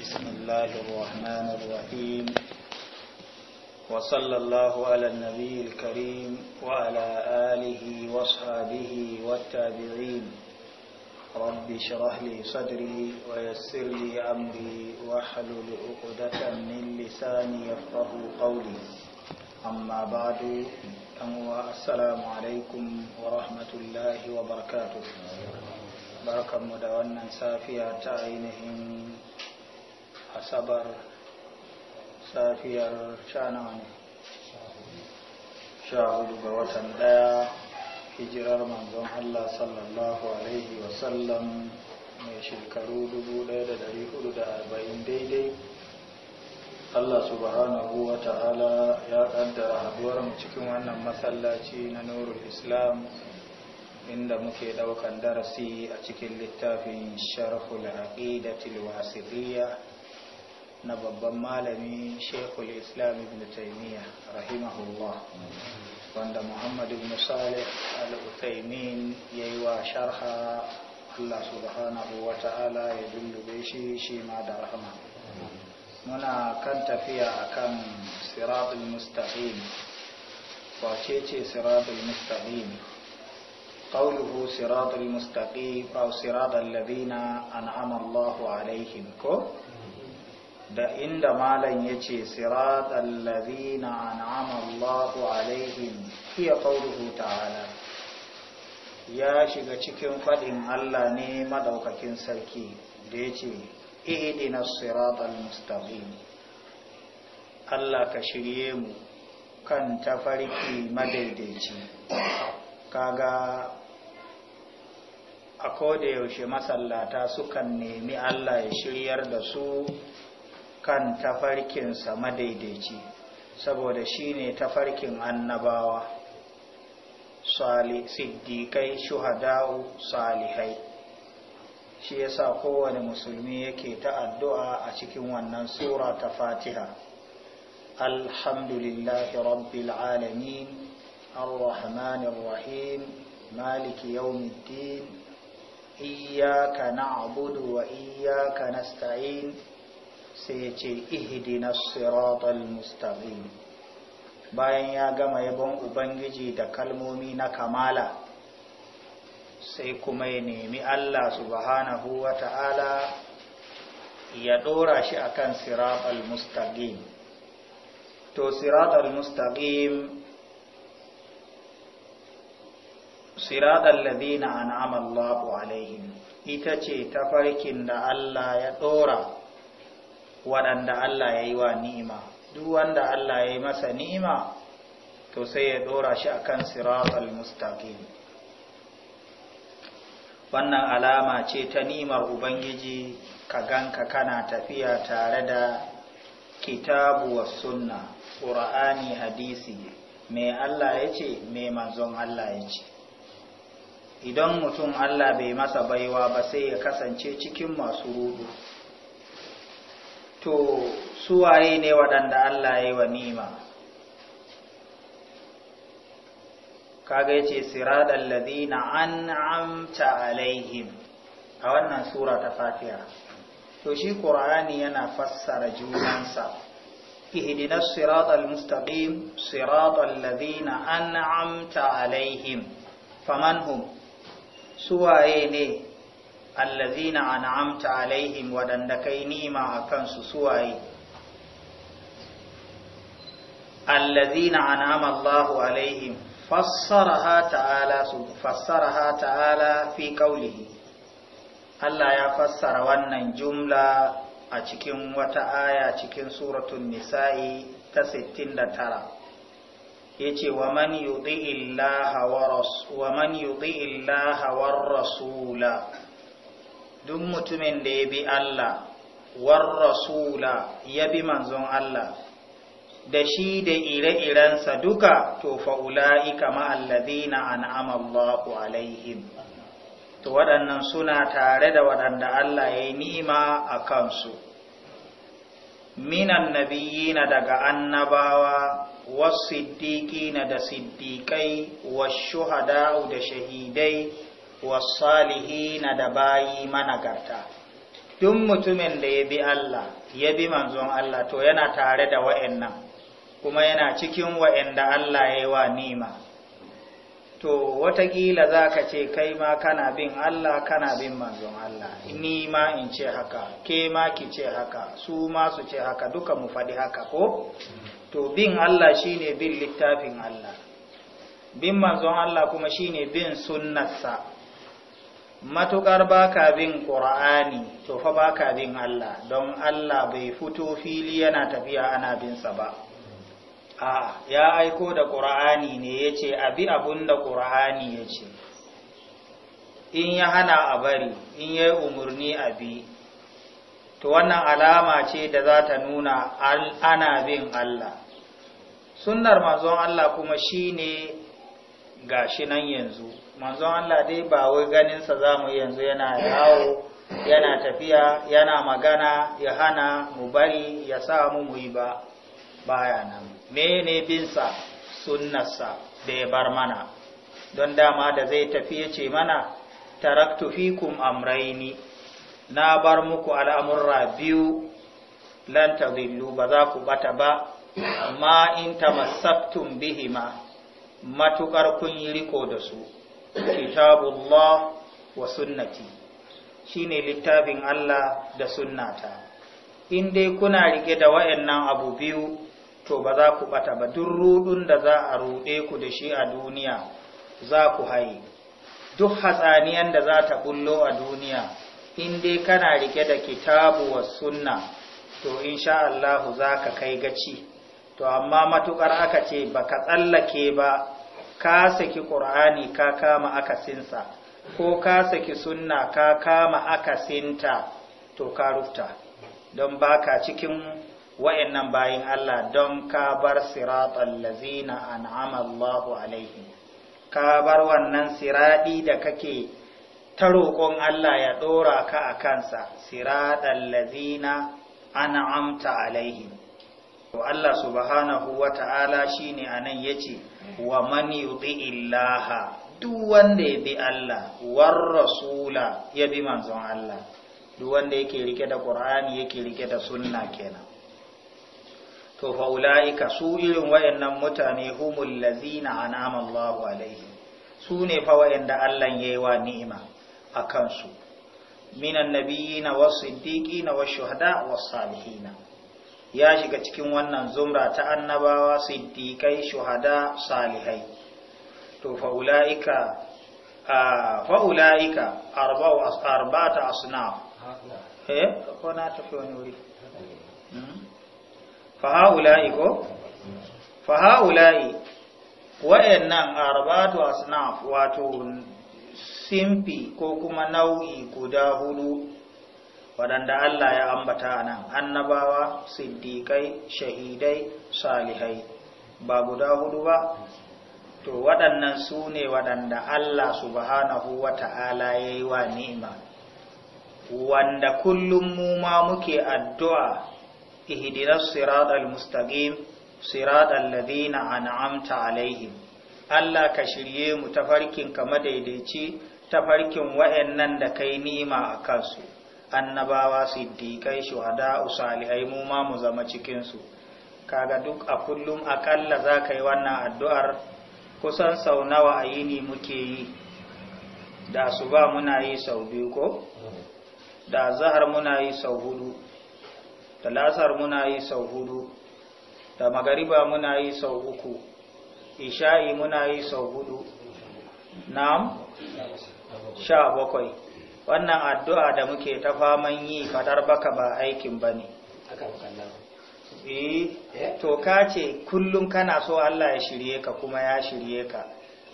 بسم الله الرحمن الرحيم وصلى الله على النبي الكريم وعلى آله وصحابه والتابعين رب اشرح لي صدري ويسر لي أمري واحلل عقدة من لساني يفقه قولي أما بعد السلام عليكم ورحمة الله وبركاته barkanmu da wannan تعينهم asabar safiyar shanawa ne sha hudu ga watan daya hijirar manzon Allah sallallahu Alaihi wasallam mai shekaru 1440 daidai Allah subhanahu wa ta'ala ya kaddara haduwar mu cikin wannan masallaci na nurul islam inda muke daukan darasi a cikin littafin sharhul aqidatil wasitiyya na babban malami shekul islam ibn taimiyya rahimahullah wanda muhammad ibn salih al-utaimin ya yi wa sharha allah subhanahu wa ta'ala ya dullube shi shi ma da rahama muna kan tafiya akan siratul mustaqim wace ce siratul mustaqim قوله صراط المستقيم أو صراط الذين أنعم الله عليهم كو da inda malam ya ce siratan lazina an'ama Allahu alaihim hiya qawluhu ta'ala ya shiga cikin faɗin Allah ne madaukakin sarki da ya ce idina siratal mustaqim Allah ka shirye mu kan tafarki madaidaici kaga a koda yaushe masallata sukan nemi Allah ya shiryar da su kan tafarkinsa madaidaici saboda shi ne tafarkin annabawa siddiƙai shuhada'u salihai shi ya sa kowane musulmi yake ta addu'a a cikin wannan sura ta fatiha alhamdulillahi rabbil alamin arrahmanir rahim maliki yawmiddin iyyaka abudu wa iyyaka nasta'in sai ya ce na siratal mustaqim bayan ya gama yabon ubangiji da kalmomi na kamala sai kuma ya nemi Allah subhanahu wa ta'ala ya ɗora shi akan siratal mustaqim to siratal mustaqim siratal ladina an'ama Allahu alaihim ita ce tafarkin da Allah ya ɗora waɗanda Allah ya yi wa ni'ima duk wanda Allah ya yi masa ni'ima to sai ya ɗora shi akan siratal mustaqim wannan alama ce ta nimar ubangiji ka ganka kana tafiya tare da kitabu wa sunna Al-Qur'ani, hadisi mai allah ya ce mai manzon allah ya ce idan mutum allah bai masa baiwa ba sai ya kasance cikin masu rudu to suwaye ne waɗanda Allah ya yi wa nima kaga ya ce siradar ladina an amta alaihim a wannan sura ta fatiha to shi ƙur'ani yana fassara junansa ihdina siratal mustaqim siratal ladina an amta alaihim faman hum suwaye ne allazina an'amta alaihim waɗanda kai nima a kansu suwaye allazina an'ama Allahu alaihim fassaraha ta'ala su fassaraha ta'ala fi qawlihi Allah ya fassara wannan jumla a cikin wata aya cikin suratun nisa'i ta 69 yace wa man yudhi illaha wa man yudhi illaha war rasula duk mutumin da ya bi Allah war rasula ya bi manzon Allah da shi da ire-irensa duka to fa'ula'ika ma'allazina an'ama Allahu alaihim to waɗannan suna tare da waɗanda Allah ya yi nima a kansu minan nabiyina daga annabawa wasu siddiƙina da siddiƙai wasu shuhada'u da shahidai na da bayi managarta Dun mutumin da ya bi Allah ya bi manzon Allah to yana tare da nan, kuma yana cikin da Allah ya yi wa nima to wataƙila za ka ce kai ma kana bin Allah kana bin manzon Allah ni ma in ce haka ke ma ki ce haka su ma su ce haka duka mu faɗi haka ko to bin Allah shine bin littafin Allah bin manzon Allah kuma shine bin sunnarsa Matukar baka bin ƙura'ani to fa baka bin Allah don Allah bai fito fili yana tafiya ana binsa ba a ya aiko da ƙura'ani ne ya ce abi abin da ƙura'ani ya ce in ya hana a bari in ya yi umarni a bi to wannan alama ce da za ta nuna ana bin Allah sunnar manzon Allah kuma shine gashi nan yanzu manzon Allah dai ba wai ganinsa za mu yanzu yana yawo yana tafiya yana magana ya hana mu bari ya sa mu yi ba baya nan mene binsa sunnarsa da ya bar mana don dama da zai tafi ya ce mana taraktu fikum amraini na bar muku al'amurra biyu lan tadillu ba za ku bata ba amma in tamassaktum bihima matukar kun yi riko da su kitabullah wa sunnati shine littafin Allah da sunnata in dai kuna rike da wayannan abu biyu to ba za ku ɓata ba duk rudun da za a rude ku da shi a duniya za ku haye duk hatsaniyan da za ta bullo a duniya in dai kana rike da kitabu wa sunna to insha Allah za ka kai gaci to amma matukar aka ce baka tsallake ba ka saki ƙur'ani ka kama akasinsa ko ka saki sunna ka kama akasinta to ka rufta don baka cikin wa'annan bayin Allah don ka bar siratal lazina an'ama Allahu alaihi ka bar wannan siraɗi da kake ta roƙon Allah ya ɗora ka a kansa siratal lazina an'amta alaihi to Allah subhanahu wata'ala shine anan yace wa man yuti illaha duk wanda ya bi Allah war rasula ya bi manzon Allah duk wanda yake rike da Qur'ani yake rike da sunna kenan to fa ulaika su irin wayannan mutane humul lazina an'ama Allahu alaihi su ne fa wayanda Allah yayi wa ni'ima akan su minan nabiyina was siddiqina wa shuhada was salihina ya shiga cikin wannan zumra ta annabawa siddiƙai shuhada salihai to fa'ula'ika fa'ula'ika arba'ata asna eh ko na tafi wani wuri hmm? fa'ula'i ko fa'ula'i wa'annan arba'atu asnaf wato simfi ko kuma nau'i guda hudu waɗanda Allah ya ambata nan annabawa siddiƙai shahidai salihai ba guda hudu ba to waɗannan su ne waɗanda Allah subhanahu wa ta'ala ya yi wa ni'ima wanda kullum mu ma muke addu'a ihidinar siratal mustaqim siratal ladina an'amta alaihim Allah ka shirye mu ta tafarkin ka madaidaici tafarkin nan da kai ni'ima a kansu annabawa siddiƙai shuhada usalihai mu ma mu zama cikin su kaga duk a kullum akalla za ka yi wannan addu'ar kusan sau nawa a yini muke yi da su ba muna yi sau biyu ko da zahar muna yi sau hudu da lasar muna yi sau hudu da magariba muna yi sau uku isha'i muna yi sau hudu na'am sha bakwai wannan addu'a da muke ta faman yi fadar baka ba aikin ba ne eh, eh? to ka ce kullum kana so Allah ya shirye ka kuma ya shirye ka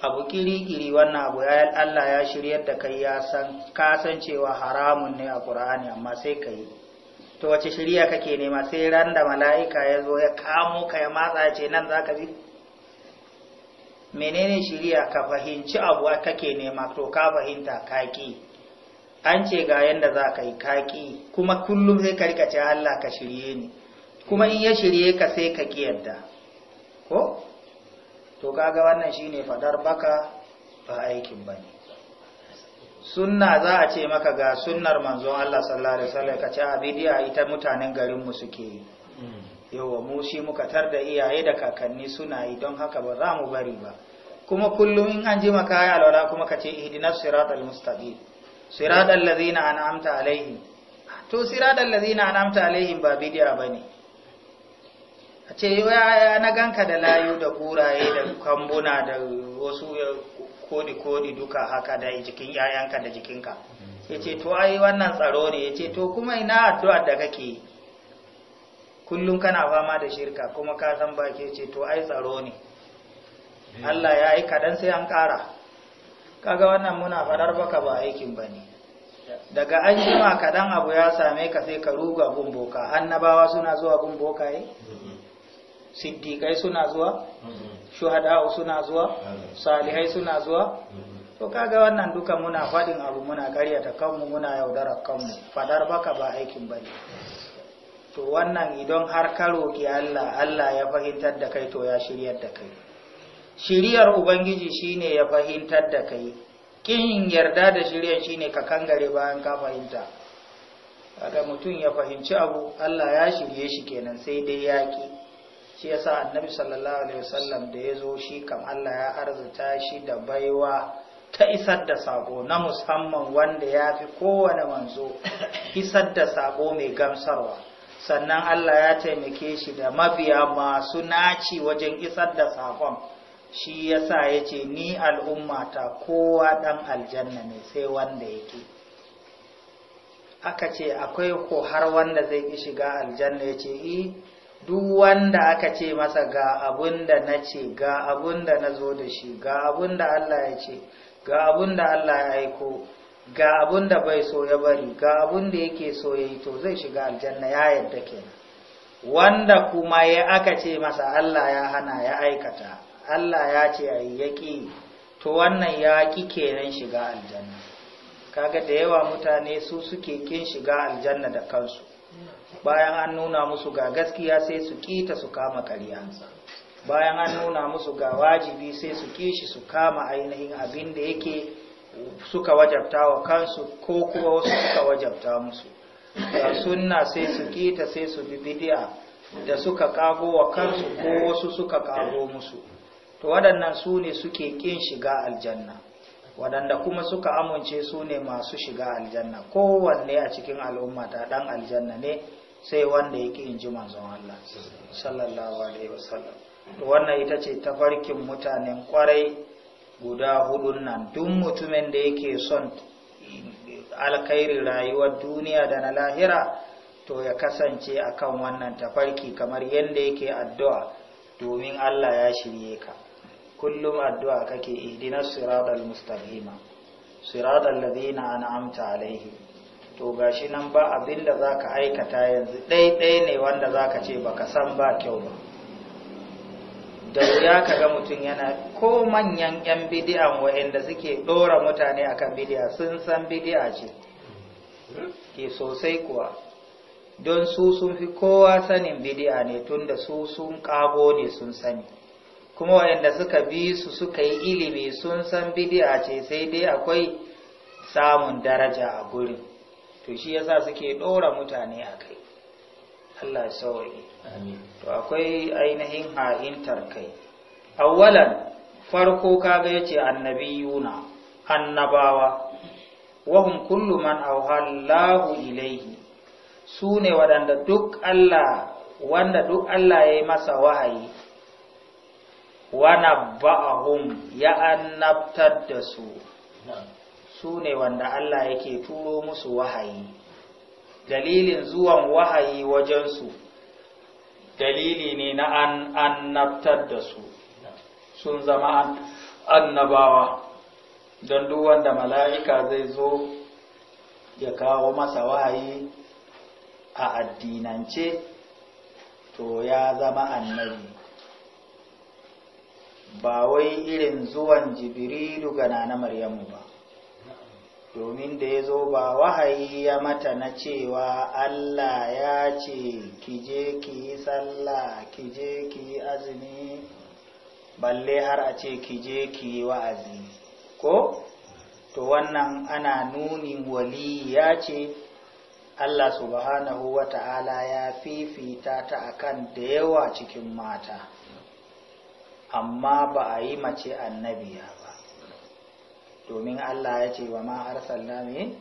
abu kiri wannan abu ya Allah ya shirye da kai ya san kasancewa haramun ne a ƙur'ani amma sai ka yi to wace shirya kake nema sai ran da mala'ika ya zo ya kamo ka ya matsa ce nan za ka bi menene shiriya ka fahimci abu kake nema to ka fahimta kaki an ce ga yadda za ka yi kaƙi kuma kullum sai ka ce Allah ka shirye ni kuma in ya shirye ka sai ka kiyarda ko to kaga wannan shine fadar baka ba aikin bane sunna za a ce maka ga sunnar manzon Allah sallallahu alaihi ka ce a bidiya ita mutanen garin mu suke yi yawa mu shi muka tar da iyaye da kakanni suna yi don haka ba za mu bari ba kuma kullum in an ji maka ya kuma ka ce ihdinas siratal mustaqim siratal ladina an'amta alaihi to siratal ladina an'amta alaihi ba bidiya bane a ce ya na ganka da layu da kuraye da kambuna da wasu kodi kodi duka haka da jikin yayanka da jikinka yace to ai wannan tsaro ne yace to kuma ina addu'ar da kake yi kullum kana fama da shirka kuma ka san baki ce to ai tsaro ne eh. Allah ya yi kadan sai an ƙara kaga wannan muna faɗar baka ba aikin ba ne daga an yi ma kaɗan abu ya same ka sai ka ruga gumboka annabawa suna zuwa gumboka yi siddiƙai suna zuwa shuhada'u suna zuwa salihai suna zuwa to kaga wannan duka muna faɗin abu muna karyata kanmu muna yaudara kanmu faɗar baka ba aikin ba ne to wannan idan har ka roƙi Allah Allah ya fahimtar da kai to ya shiryar da kai shiriyar ubangiji shine ya fahimtar da kai kin yarda da shiriyar shine ka kangare bayan ka fahimta kaga mutum ya fahimci abu Allah ya shirye shi kenan sai dai yaki shi yasa annabi sallallahu alaihi wasallam da ya zo shi kam Allah ya arzuta shi da baiwa ta isar da sako na musamman wanda ya fi kowane manzo isar da sako mai gamsarwa sannan Allah ya taimake shi da mabiya masu naci wajen isar da sakon shi yasa ya ce ni al'ummata kowa ɗan aljanna ne sai wanda yake aka ce akwai ko har wanda zai ki shiga aljanna ya ce yi duk wanda aka ce masa ga abun da na ce ga abun da na zo da shi ga abun da Allah ya ce ga abun da Allah ya aiko ga abun da bai so ya bari ga abun da yake so ya yi to zai shiga aljanna ya yadda kenan wanda kuma ya aka ce masa Allah ya hana ya aikata Allah ya ce a yi to wannan yaƙi kenan shiga aljanna kaga da yawa mutane su suke kin shiga aljanna da kansu bayan an nuna musu ga gaskiya sai su kita su kama ƙaryansa bayan an nuna musu ga wajibi sai su kishi su kama ainihin abin da yake suka wajabta wa kansu ko kuma wasu suka wajabta musu da sunna sai su kita sai su bi bidiya da suka kago wa kansu ko wasu suka kago musu to waɗannan su ne suke ƙin shiga aljanna waɗanda kuma suka amince su ne masu shiga aljanna kowanne a cikin al'umma ta ɗan aljanna ne sai wanda ya ƙi in ji manzon Allah sallallahu alaihi wasallam to wannan ita ce tafarkin mutanen kwarai guda hudun nan duk mutumin da yake son alkhairin rayuwar duniya da na lahira to ya kasance akan wannan tafarki kamar yadda yake addu'a domin Allah ya shirye ka kullum addu'a kake ihdina siratal mustaqima siratal ladina an'amta alaihi to gashi nan ba abin da zaka aikata yanzu ɗaiɗai ne wanda zaka ce baka san ba kyau ba da wuya kaga mutum yana ko manyan yan bidi'an wa'anda suke ɗora mutane akan bidi'a sun san bidi'a ce ke sosai kuwa don su sun fi kowa sanin bidi'a ne tunda su sun ƙago ne sun sani kuma wanda suka bi su suka yi ilimi sun san bidi'a ce sai dai akwai samun daraja a gurin to shi yasa suke ɗora mutane a kai Allah ya Amin. to akwai ainihin ha'intar kai awwalan farko kaga yace annabiyuna annabawa wahum kullu man auhallahu ilaihi su ne waɗanda duk Allah wanda duk Allah ya yi masa wahayi wana ba'ahum ya annabtar da su su ne wanda Allah yake turo musu wahayi dalilin zuwan wahayi wajensu dalili ne na an annabtar da su sun zama annabawa don duk wanda mala'ika zai zo ya kawo masa wahayi a addinance to ya zama annabi ba wai irin zuwan jibrilu ga Nana maryamu ba domin da ya zo ba wahayi ya mata na cewa allah ya ce ki je ki yi sallah ki je ki yi azumi balle har a ce ki je ki yi wa'azi ko to wannan ana nunin wali ya ce allah subhanahu wa ta'ala ya fifita ta akan da yawa cikin mata amma ba a yi mace annabiya ba domin allah ya ce wa ma arsalna me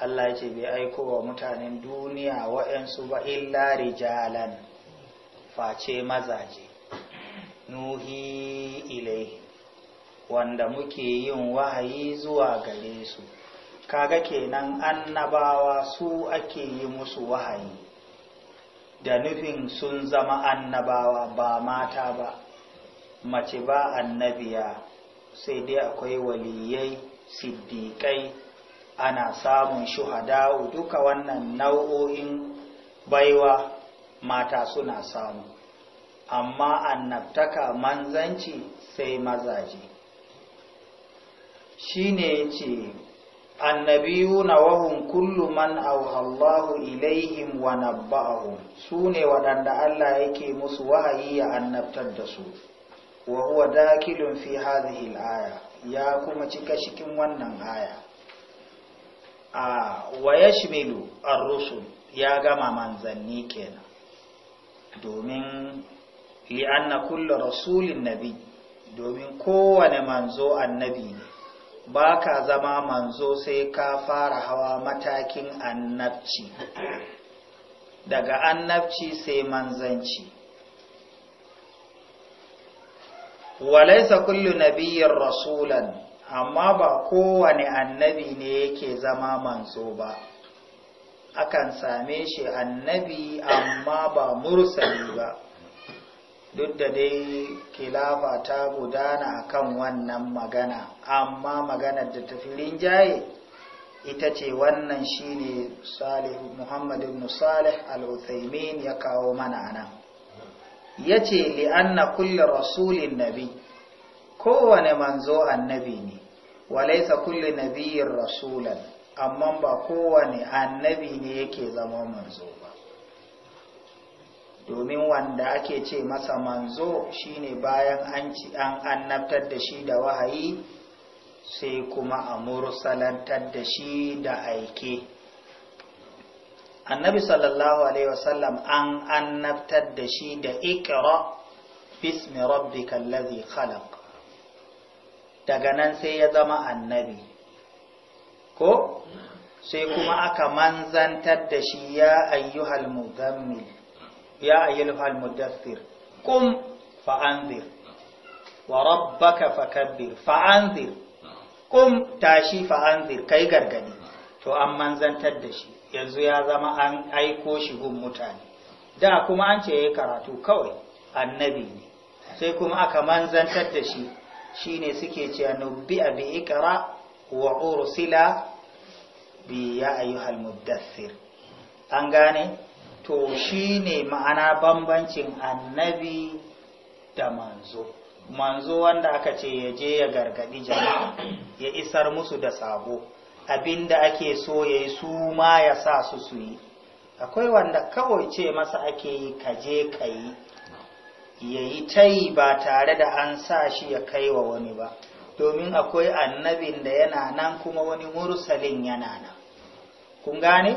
allah ya ce bai aikowa mutanen duniya wa'yansu ba illa rijalan face mazaje nuhi ilai wanda muke yin wahayi zuwa gare su kaga kenan annabawa su ake yi musu wahayi da nufin sun zama annabawa ba mata ba mace ba annabiya sai dai akwai waliyai siddiƙai ana samun shuhada'u duka wannan nau'o'in baiwa mata suna samu amma annabtaka manzanci sai mazaje shi ne ya ce annabiyuna wahun kullu man auhallahu ilaihim wa nabba'ahum sune waɗanda Allah yake musu wahayi ya annabtar da su wa huwa dakilun fi hadhihi al-aya ya kuma cika cikin wannan aya a wa yashmilu ar-rusul ya gama manzanni kenan domin li'anna kullu rasulin nabi domin kowane manzo annabi ne ba ka zama manzo sai ka fara hawa matakin annabci daga annabci sai manzanci walaisa kullu nabiyyin rasulan amma ba kowane annabi ne yake zama manzo ba akan same shi annabi amma ba mursali ba duk da dai kilafa ta gudana akan wannan magana amma maganar da tafi rinjaye ita ce wannan shine salih muhammad ibn salih al-uthaymin ya kawo mana ana yace li anna kulli rasulin nabi kowane manzo annabi ne walaisa kulli nabiyin rasulan amma ba kowane annabi ne yake zama manzo ba domin wanda ake ce masa manzo shine bayan an ci an annabtar da shi da wahayi sai kuma a mursalantar da shi da aike annabi sallallahu alaihi wasallam an annabtar da shi da ikra bismi rabbika allazi khalaq daga nan sai ya zama annabi ko sai kuma aka manzantar da shi ya ayyuhal mudammil ya ayyuhal muddaththir qum fa'anzir wa rabbaka fakabbir fa'anzir qum tashi fa'anzir kai gargadi to an manzantar da shi yanzu ya zama an aiko shi gun mutane da kuma an ce yayi karatu kawai annabi ne sai kuma aka manzantar da shi shine suke cewa nubbi bi ikra wa ursila bi ya ayyuhal muddaththir an gane to shi ne ma'ana bambancin annabi da manzo manzo wanda aka ce ya je ya gargadi jama'a ya isar musu da sabo da ake so ya yi su ma ya sa su su yi akwai wanda kawai ce masa ake yi kaje ka yi ya yi ta yi ba tare da an sa shi ya kai wa wani ba domin akwai annabin da yana nan kuma wani mursalin yana nan kun gane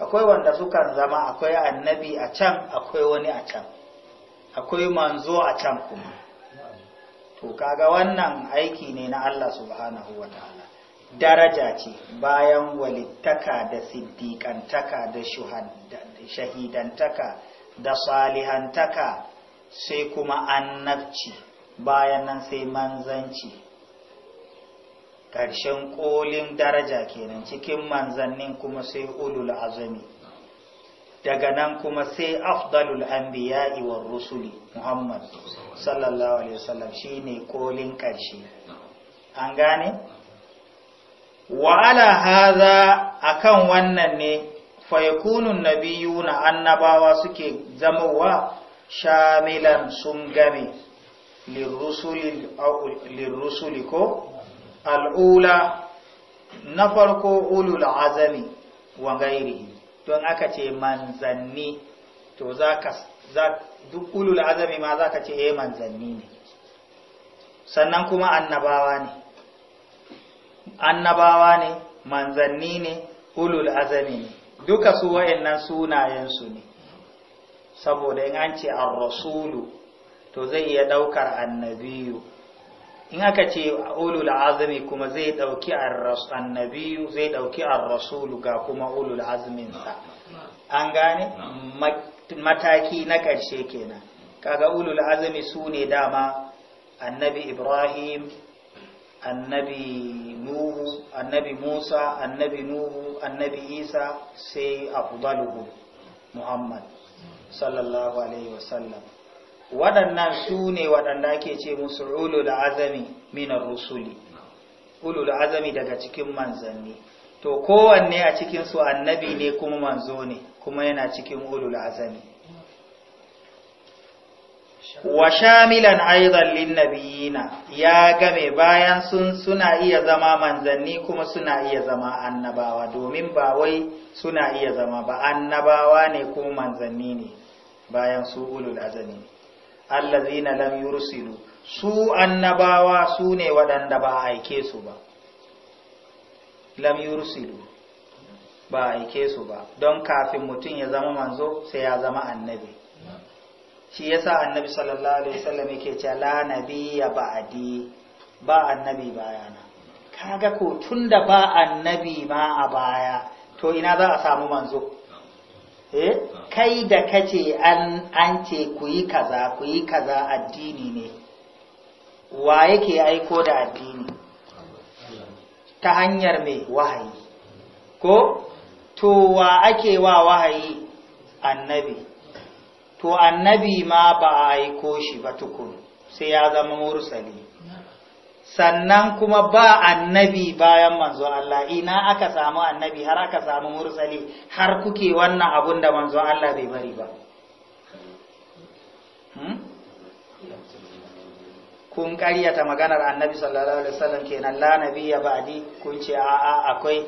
akwai wanda suka zama akwai annabi a can akwai wani a can akwai manzo a can kuma to kaga wannan aiki ne na Allah subhanahu wa ta'ala daraja ce bayan walittaka da siddiƙantaka da shahidantaka da salihantaka sai kuma annabci bayan nan sai manzanci ƙarshen ƙolin daraja kenan cikin manzannin kuma sai ulul azami daga nan kuma sai afdalul anbiya wa rusuli muhammad sallallahu alaihi wasallam shine ƙolin ƙarshe an gane wa ala hadha akan wannan ne Nabiyu na annabawa suke zamowa shamilan sun game lirrusuli ko al'ula na farko ulul azami wa gairihi don aka ce manzanni to za duk ulul azami ma za ka ce eh manzanni ne sannan kuma annabawa ne annabawa ne manzanni ne ulul azami ne duka su wa'annan sunayensu ne saboda in an ce ar-rasulu to zai iya daukar annabiyu in aka ce ulul azmi kuma zai dauki annabiyu zai ɗauki ar-rasulu ga kuma ulul azminsa sa an gane mataki na ƙarshe kenan kaga ulul azmi ne dama annabi ibrahim annabi nuhu annabi musa annabi nuhu annabi isa sai afdaluhu muhammad sallallahu alaihi wasallam waɗannan su ne waɗanda ake ce musu ulul azami minar rusuli ulul azami daga cikin manzanni to kowanne a cikin su annabi ne kuma manzo ne kuma yana cikin ulul azami wa shamilan aidan linnabiyina ya game bayan sun suna iya zama manzanni kuma suna iya zama annabawa domin ba wai suna iya zama ba annabawa ne kuma manzanni ne bayan su ulul azami allazina lam yursilu su annabawa su ne waɗanda ba a aike su ba lam yursilu ba a aike su ba don kafin mutum ya zama manzo sai ya zama annabi shi yasa annabi sallallahu alaihi wasallam yake cewa la nabiyya ba'di ba annabi bayana kaga ko tunda ba annabi ma a baya to ina za a samu manzo Eh? Ah. kai da kace an an ce ku yi kaza ku yi kaza addini ne wa yake aiko da addini ta hanyar mai wahayi ko to wa ake wa wahayi annabi to annabi ma ba a aiko shi ba tukun sai ya zama mursali sannan kuma ba annabi bayan manzo Allah ina aka samu annabi har aka samu mursali har kuke wannan abun da manzo Allah bai bari ba hmm? kun karyata maganar annabi sallallahu alaihi wasallam kenan la ya ba'di kun ce a'a akwai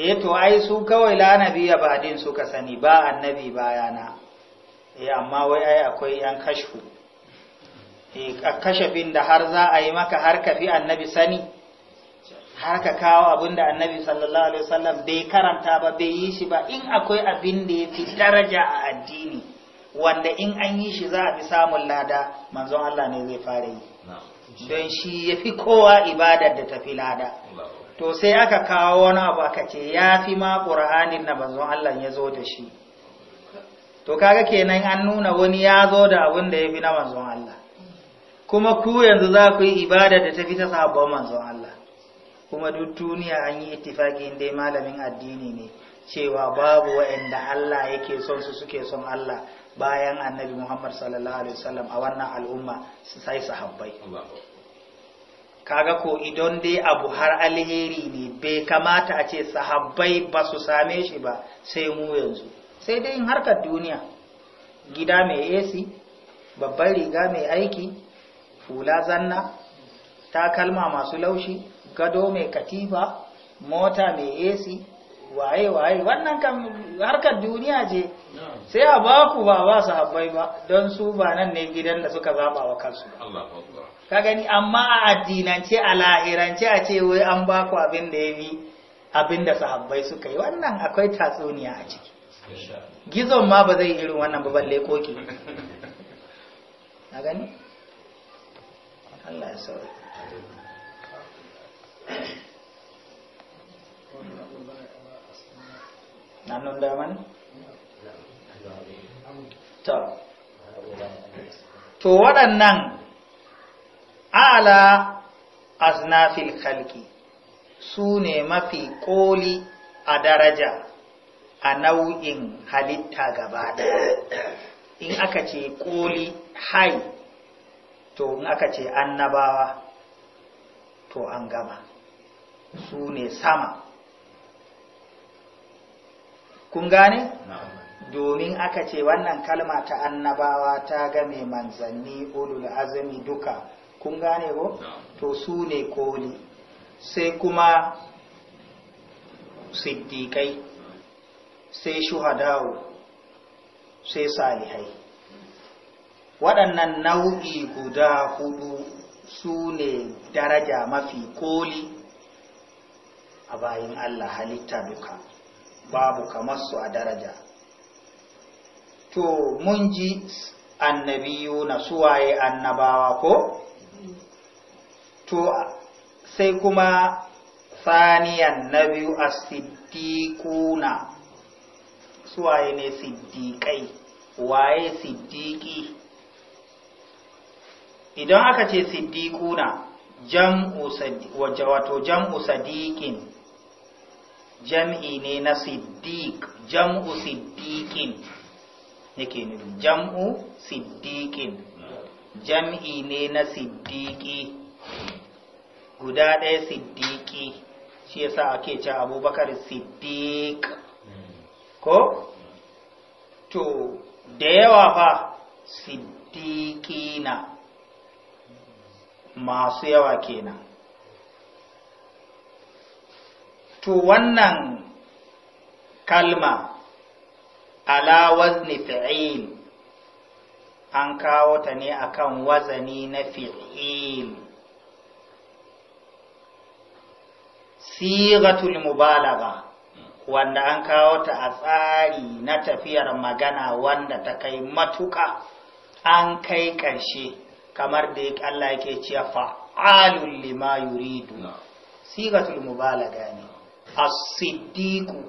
eh to ai su kawai la ya ba'din suka sani ba annabi bayana eh amma wai ai akwai yan kashfu Eh, a kashafin da har za a yi maka har ka fi annabi sani har ka kawo abin da annabi sallallahu alaihi wasallam bai karanta ba bai yi shi ba in akwai abin da ya fi daraja a addini wanda in an yi shi za a fi samun lada manzon Allah ne zai fara yi don shi ya fi kowa ibadar da tafi lada to sai aka kawo wani abu aka ce ya fi ma ƙura'anin na manzon Allah ya zo da shi to kaga kenan an nuna wani ya zo da abin da ya fi na manzon Allah kuma ku yanzu za ku yi ibada da tafi ta sabon manzon Allah kuma duk duniya an yi ittifaki dai malamin addini ne cewa babu wa'anda Allah yake son su suke son Allah bayan annabi Muhammad sallallahu alaihi wasallam a wannan al'umma su sai sahabbai kaga ko idan dai abu har alheri ne bai kamata a ce sahabbai ba su same shi ba sai mu yanzu sai dai in harkar duniya gida mai AC babbar riga mai aiki hula zanna takalma masu laushi gado mai katifa mota mai esi, waye waye wannan kan harkar duniya je. sai a baku ba ba su habbai ba don su ba nan ne gidan da suka zaba wa kansu ka gani amma a addinance a lahirance a ce wai an baku abin da ya bi abin da su Habbai suka yi wannan akwai tatsuniya a ciki gizon ma ba zai irin wannan ba balle koki a gani Allah ya sauri na da mani? to waɗannan ala asnafil khalqi su ne mafi ƙoli a daraja a nau'in halitta gaba ɗaya in aka ce ƙoli hai to in aka ce annabawa to an gama su ne sama kun gane domin aka ce wannan kalma ta annabawa ta game manzanni ulul azumi duka kun gane ko to su ne koli sai kuma siddiƙai sai Shuhadau, sai salihai waɗannan nau'i guda hudu su ne daraja mafi koli a bayan Allah halitta duka babu kamarsu a daraja to mun ji annabiyu na suwaye annabawa ko to sai kuma saniyan na a siddiƙuna suwaye ne siddiƙai waye siddiƙi idan aka ce siddiquna jam'u wa jawato jam'u sadiqin jam'i ne na siddiq jam'u siddiqin yake ne jam'u siddiqin jam'i ne na siddiqi guda ɗaya siddiqi shi yasa ake ce abubakar siddiq ko to da yawa fa siddiqina masu yawa kenan to wannan kalma ala wazni fi'il an kawo ta ne akan wazani na fi'il sigatul mubalagha wanda an kawo ta a tsari na tafiyar magana wanda ta kai matuƙa an kai ƙarshe kamar da Allah yake cewa fa'alul lima yuridu sigatul mubalaga ne as-siddiqu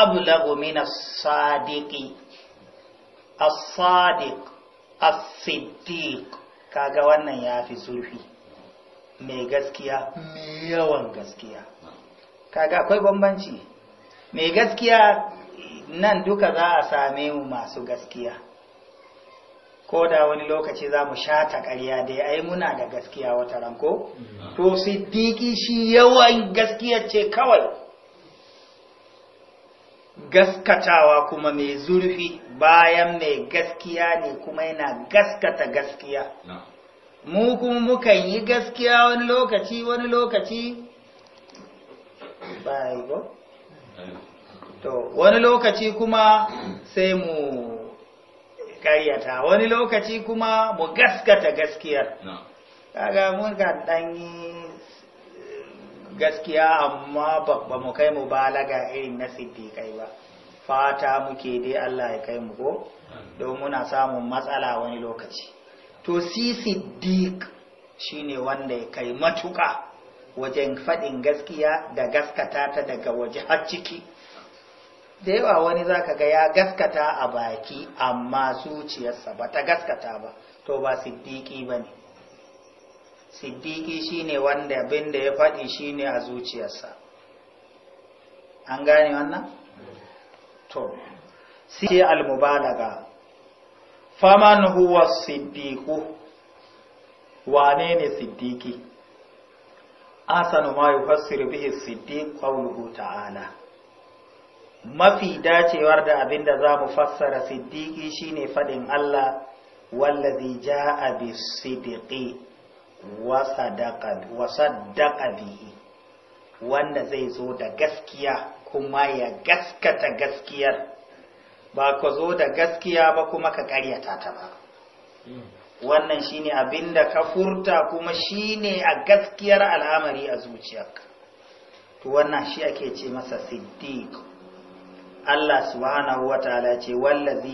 ablagu min as-sadiqi as-sadiq as-siddiq kaga wannan ya fi zurfi mai gaskiya mai yawan gaskiya kaga akwai bambanci mai gaskiya nan duka za a same mu masu gaskiya ko da wani lokaci za mu shata ƙarya dai ai muna da gaskiya wata ranko mm-hmm. to siddiƙi shi yawan gaskiya ce kawai gaskatawa kuma mai zurfi bayan mai gaskiya ne kuma yana gaskata gaskiya mu kuma mukan yi gaskiya wani lokaci wani lokaci ba to wani lokaci kuma sai mu karyata wani lokaci kuma mu gaskata gaskiyar kaga mun ga dan gaskiya amma ba mu kai mu balaga irin na siddiƙai ba fata muke dai Allah ya kai mu ko don muna samun matsala wani lokaci to si siddiq shine wanda ya kai matuka wajen faɗin gaskiya da gaskata ta daga waje har ciki da yawa wani zaka ga ya gaskata a baki amma zuciyarsa ba ta gaskata ba to ba siddiƙi ba ne siddiƙi ne wanda abin da ya faɗi ne a zuciyarsa an gane wannan to ce almubalaga faman huwa siddiqu wane ne siddiqi asanu ma yufassiru bihi siddiq qawluhu ta'ala mafi dacewar da abin da za mu fassara siddiƙi shine faɗin Allah wallazi ja'a bi siddiqi wa saddaqa bihi wanda zai zo da gaskiya kuma ya gaskata gaskiyar ba ka zo da gaskiya ba kuma ka karyata ta ba wannan shine abin da ka furta kuma shine a gaskiyar al'amari a zuciyarka to wannan shi ake ce masa siddiq Allah subhanahu wa ta'ala ce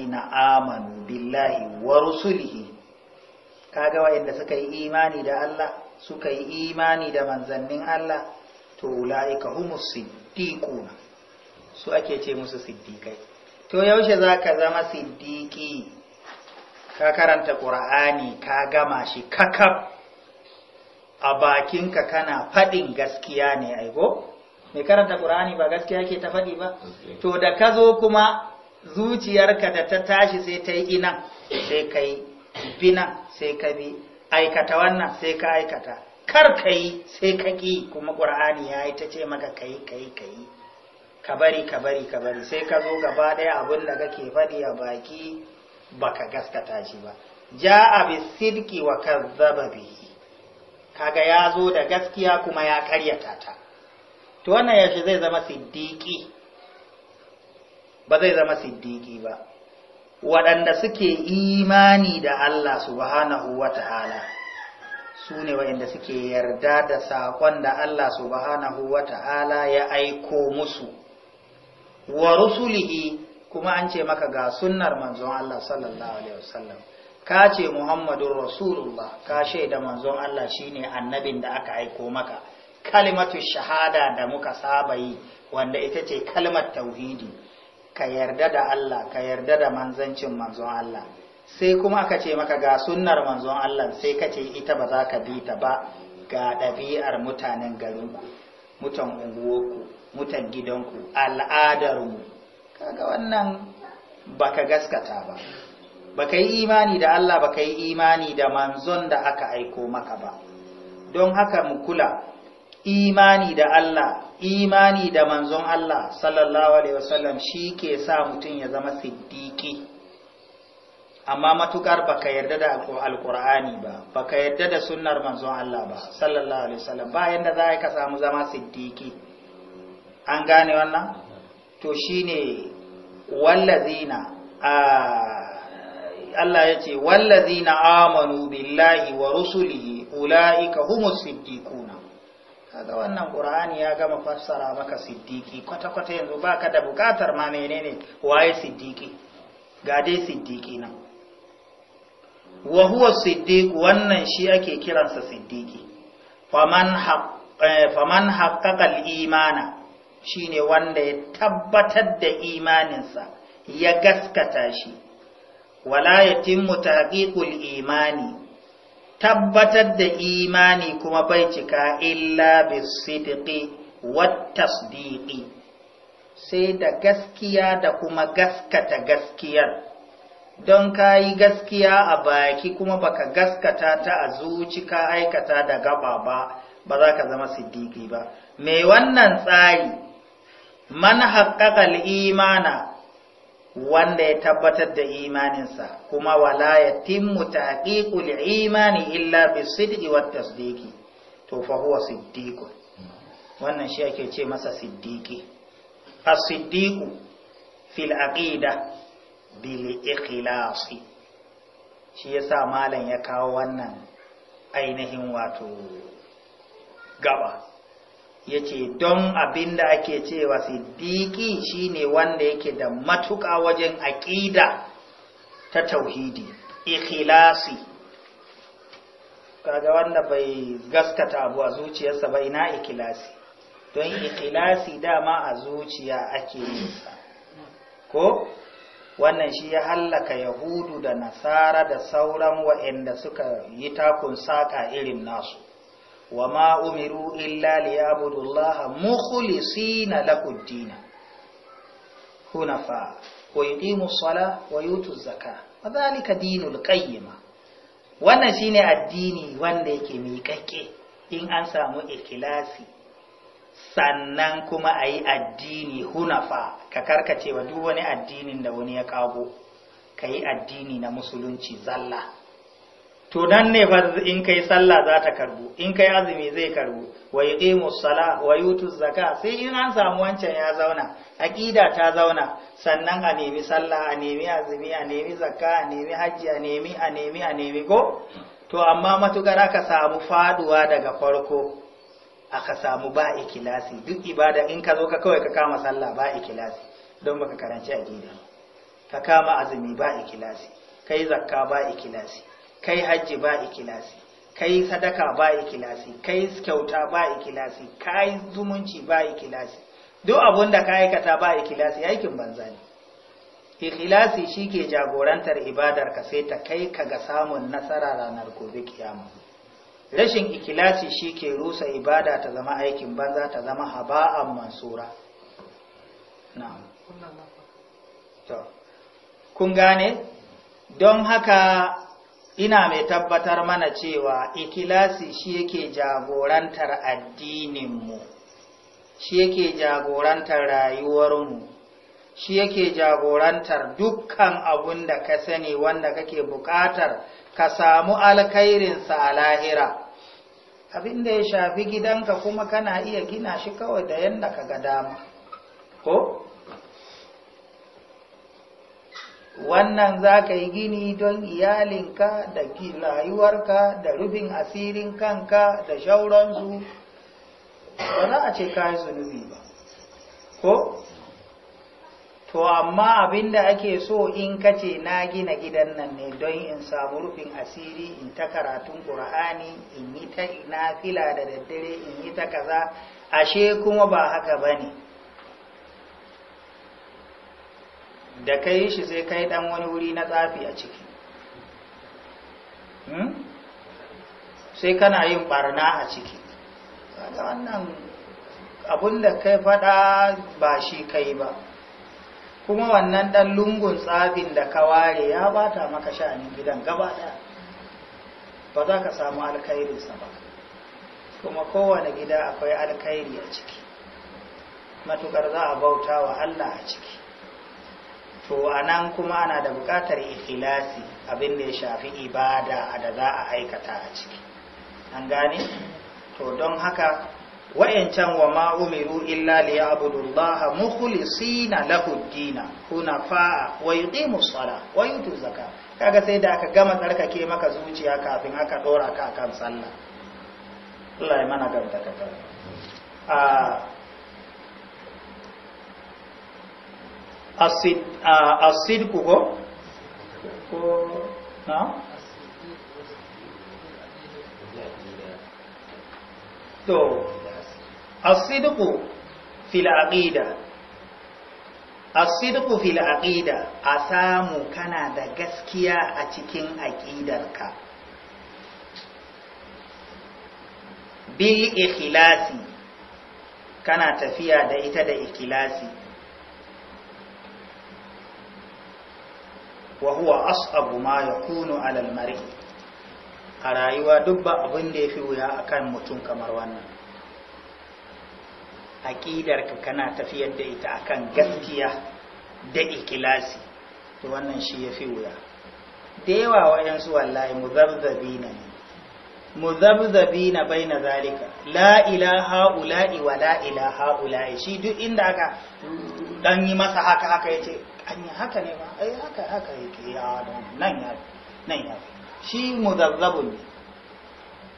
na amanu billahi wa rusulihi kaga wayanda suka yi imani da Allah suka yi imani da manzannin Allah to ulaika humus siddiquna su ake ce musu siddiqai to yaushe zaka zama siddiqi ka karanta qur'ani ka gama shi kakab a bakinka kana faɗin gaskiya ne aigo mai karanta qur'ani ba gaskiya ke ta faɗi ba to da ka zo kuma zuciyarka da ta tashi sai ta yi ina sai ka yi bina sai ka bi aikata wannan sai ka aikata kar ka yi sai ka ƙi kuma ƙur'ani ya yi ta ce maka ka yi ka yi ka yi ka bari ka bari ka bari sai ka zo gaba ɗaya abin da kake faɗi a baki ba ka gaskata shi ba ja bi sidki wa kazzaba bihi kaga ya zo da gaskiya kuma ya karyata ta to wannan yaushe zai zama siddiƙi ba zai zama siddiƙi ba waɗanda suke imani da Allah subhanahu wa ta'ala su ne waɗanda suke yarda da saƙon da Allah subhanahu wa ta'ala ya aiko musu wa rusulihi kuma an ce maka ga sunnar manzon Allah sallallahu alaihi wasallam ka ce Muhammadun Rasulullah ka shaida manzon Allah shine annabin da aka aiko maka kalimatu shahada da muka saba yi wanda ita ce kalmar tauhidi ka yarda da Allah ka yarda da manzancin manzon Allah sai kuma aka ce maka ga sunnar manzon Allah sai ka ce ita ba za ka bi ta ba ga ɗabi'ar mutanen garinku mutan unguwarku mutan gidanku al'adarmu kaga wannan baka gaskata ba baka yi imani da Allah baka yi imani da manzon da aka aiko maka ba don haka mu kula imani da Allah imani da manzon Allah sallallahu alaihi wasallam shi ke sa mutum ya zama siddiƙi amma matukar baka yarda da alqur'ani ba baka yarda da sunnar manzon Allah ba sallallahu alaihi wasallam bayan da za ka samu zama siddiqi an gane wannan to shine wallazina a Allah ya ce wallazina amanu billahi wa rusulihi ulaika humus siddiqun kaga wannan qur'ani ya gama fassara maka siddiqi kwata kwata yanzu baka da bukatar ma menene waye siddiqi ga dai siddiqi nan wa huwa siddiq wannan shi ake kiransa siddiqi faman haqq eh, faman haqqaqal imana shine wanda ya tabbatar da imaninsa ya gaskata shi wala yatimmu tahqiqul imani tabbatar da imani kuma bai cika illa bisidiki wattasdiqi sai da gaskiya da kuma gaskata gaskiyar don ka yi gaskiya a baki kuma baka gaskata ta a zuci ka aikata da gaba ba ba za ka zama siddiqi ba mai wannan tsari man haƙaƙal imana wanda ya tabbatar da imaninsa kuma wala ya timmu taqiqul imani illa bisidqi wat tasdiqi to fa huwa siddiq wannan shi ake ce masa siddiqi as-siddiqu fil aqida bil ikhlasi shi yasa malam ya kawo wannan ainihin wato gaba Yace don abin da ake cewa siddiƙi shine wanda yake da matuƙa wajen aƙida ta tauhidi ikhlasi kaga wanda bai gaskata abu a zuciyarsa ba ina ikhlasi don ikhlasi dama a zuciya ake yi ko wannan shi ya hallaka yahudu da nasara da sauran wa'anda suka yi takun saƙa irin nasu wa ma umiru illa liyabudullaha mukhlisina lahu din hunafa wa yuqimu as wa yutu az-zaka dinul qayyima wannan shine addini wanda yake miƙaƙe in an samu ikhlasi sannan kuma a yi addini hunafa ka karkace wa duk wani addinin da wani ya kago ka yi addini na musulunci zalla to nan ne fa in kai sallah za ta karbu in kai azumi zai karbu wa yuqimu sala wa yutu zaka sai in an samu wancan ya zauna aqida ta zauna sannan a nemi sallah a nemi azumi a nemi zakka a nemi hajji a nemi a nemi a nemi ko? to amma matukar aka samu faduwa daga farko aka samu ba ikilasi duk ibada in ka zo ka kawai ka kama sallah ba ikilasi don baka karanci aqida ka kama azumi ba ikilasi kai zakka ba ikilasi kai hajji ba ikilasi kai sadaka ba ikilasi kai kyauta ba ikilasi kai zumunci ba ikilasi duk abun da ka aikata ba ikilasi aikin banza ne ikilasi ke jagorantar ibadar ka sai ta kai ka ga samun nasara ranar gobe kiyama rashin ikilasi ke rusa ibada ta zama aikin banza ta zama haba'an mansura na'am to kun gane don haka ina mai tabbatar mana cewa ikilasi shi yake jagorantar addininmu shi yake jagorantar rayuwar mu, shi yake jagorantar dukkan abun da ka sani wanda kake buƙatar ka samu alkhairinsa a lahira abin da ya shafi gidanka kuma kana iya gina shi kawai da yadda ka ga dama ko wannan za ka yi gini don iyalinka da rayuwarka da rufin asirin kanka da shauransu ba za a ce kayan zunubi ba ko to amma abinda ake so in ka ce na gina gidan nan ne don in samu rufin asiri in ta karatun ƙur'ani in yi ta nafila da daddare in yi ta kaza ashe kuma ba haka ba ne da ka yi shi sai kai ɗan wani wuri na tsafi a ciki hmm? sai kana yin barna a ciki kaga wannan abun da kai faɗa ba shi kai ba kuma wannan ɗan lungun tsafin da ka ware ya bata maka sha'anin gidan gaba daya ba za ka samu alkhairinsa ba kuma kowane gida akwai alkhairi a ciki matukar za a bauta wa Allah a ciki to anan kuma ana da buƙatar ikhlasi abin da ya shafi ibada da za a aikata a ciki an gane to don haka wayancan wa ma umiru illa liya'budullaha mukhlisina lahu ad-dina wa yuqimu sala wa yutu zakat kaga sai da aka gama tsarkake maka zuciya kafin aka dora ka akan sallah Allah ya mana gamta ka a ah, asidku ko ko na to asidku fil aqida asidku fil aqida a samu kana da gaskiya a cikin aqidarka bil ikhlasi kana tafiya da ita da ikhlasi Wahuwa huwa as'abu ma yakunu alal mari a rayuwa duk ba abin da yafi wuya akan mutum kamar wannan aƙidarka kana tafiyar da ita akan gaskiya da ikilasi to wannan shi yafi wuya da yawa wayansu wallahi muzabzabi ne muzabzabina baina zalika la ilaha ula'i wa la ilaha ula'i shi duk inda aka dan yi masa haka haka yace an yi haka ne ba ai haka haka yake ya nan ya nan ya shi muzabzabun ne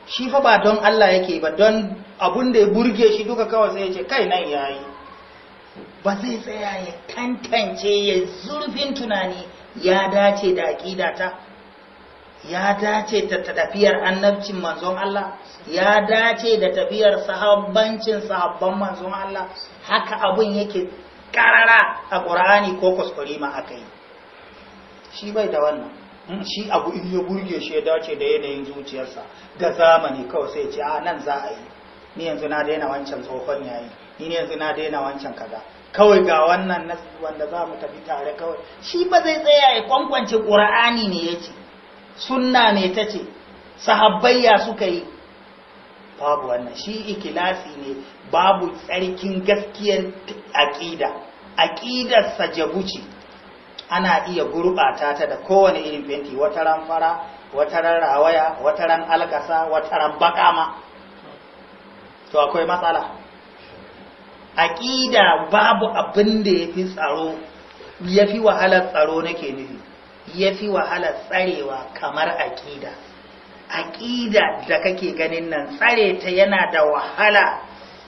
shi fa ba don Allah yake ba don abun da ya burge shi duka kawai sai yace kai nan yayi ba zai tsaya ya tantance ya zurfin tunani ya dace da aqida ta ya dace da tafiyar annabcin manzon Allah ya dace da tafiyar sahabbancin sahabban manzon Allah haka abun yake karara a ƙur'ani ko kuskure ma aka yi shi bai da wannan mm, shi abu in ya burge shi ya dace da yanayin zuciyarsa ga zamani kawai sai ce a nan za a yi ni yanzu na daina wancan tsohon yayi ni yanzu na daina wancan kaza kawai ga wannan wanda za mu tafi tare kawai shi ba zai tsaya ya kwankwance ƙur'ani ne ya ce sunna ne ta ce sahabbayya suka yi babu wannan shi ikilasi ne babu tsarkin gaskiyar aƙida aƙidar jabuci ana iya gurɓata ta da kowane irin fenti wata ran fara wata ran rawaya wata ran alkasa wata ran ma. to akwai matsala aƙida babu abin da ya fi tsaro ya fi wahalar tsaro nake nufi ya fi wahala tsarewa kamar aƙida aƙida da kake ganin nan tsare ta yana da wahala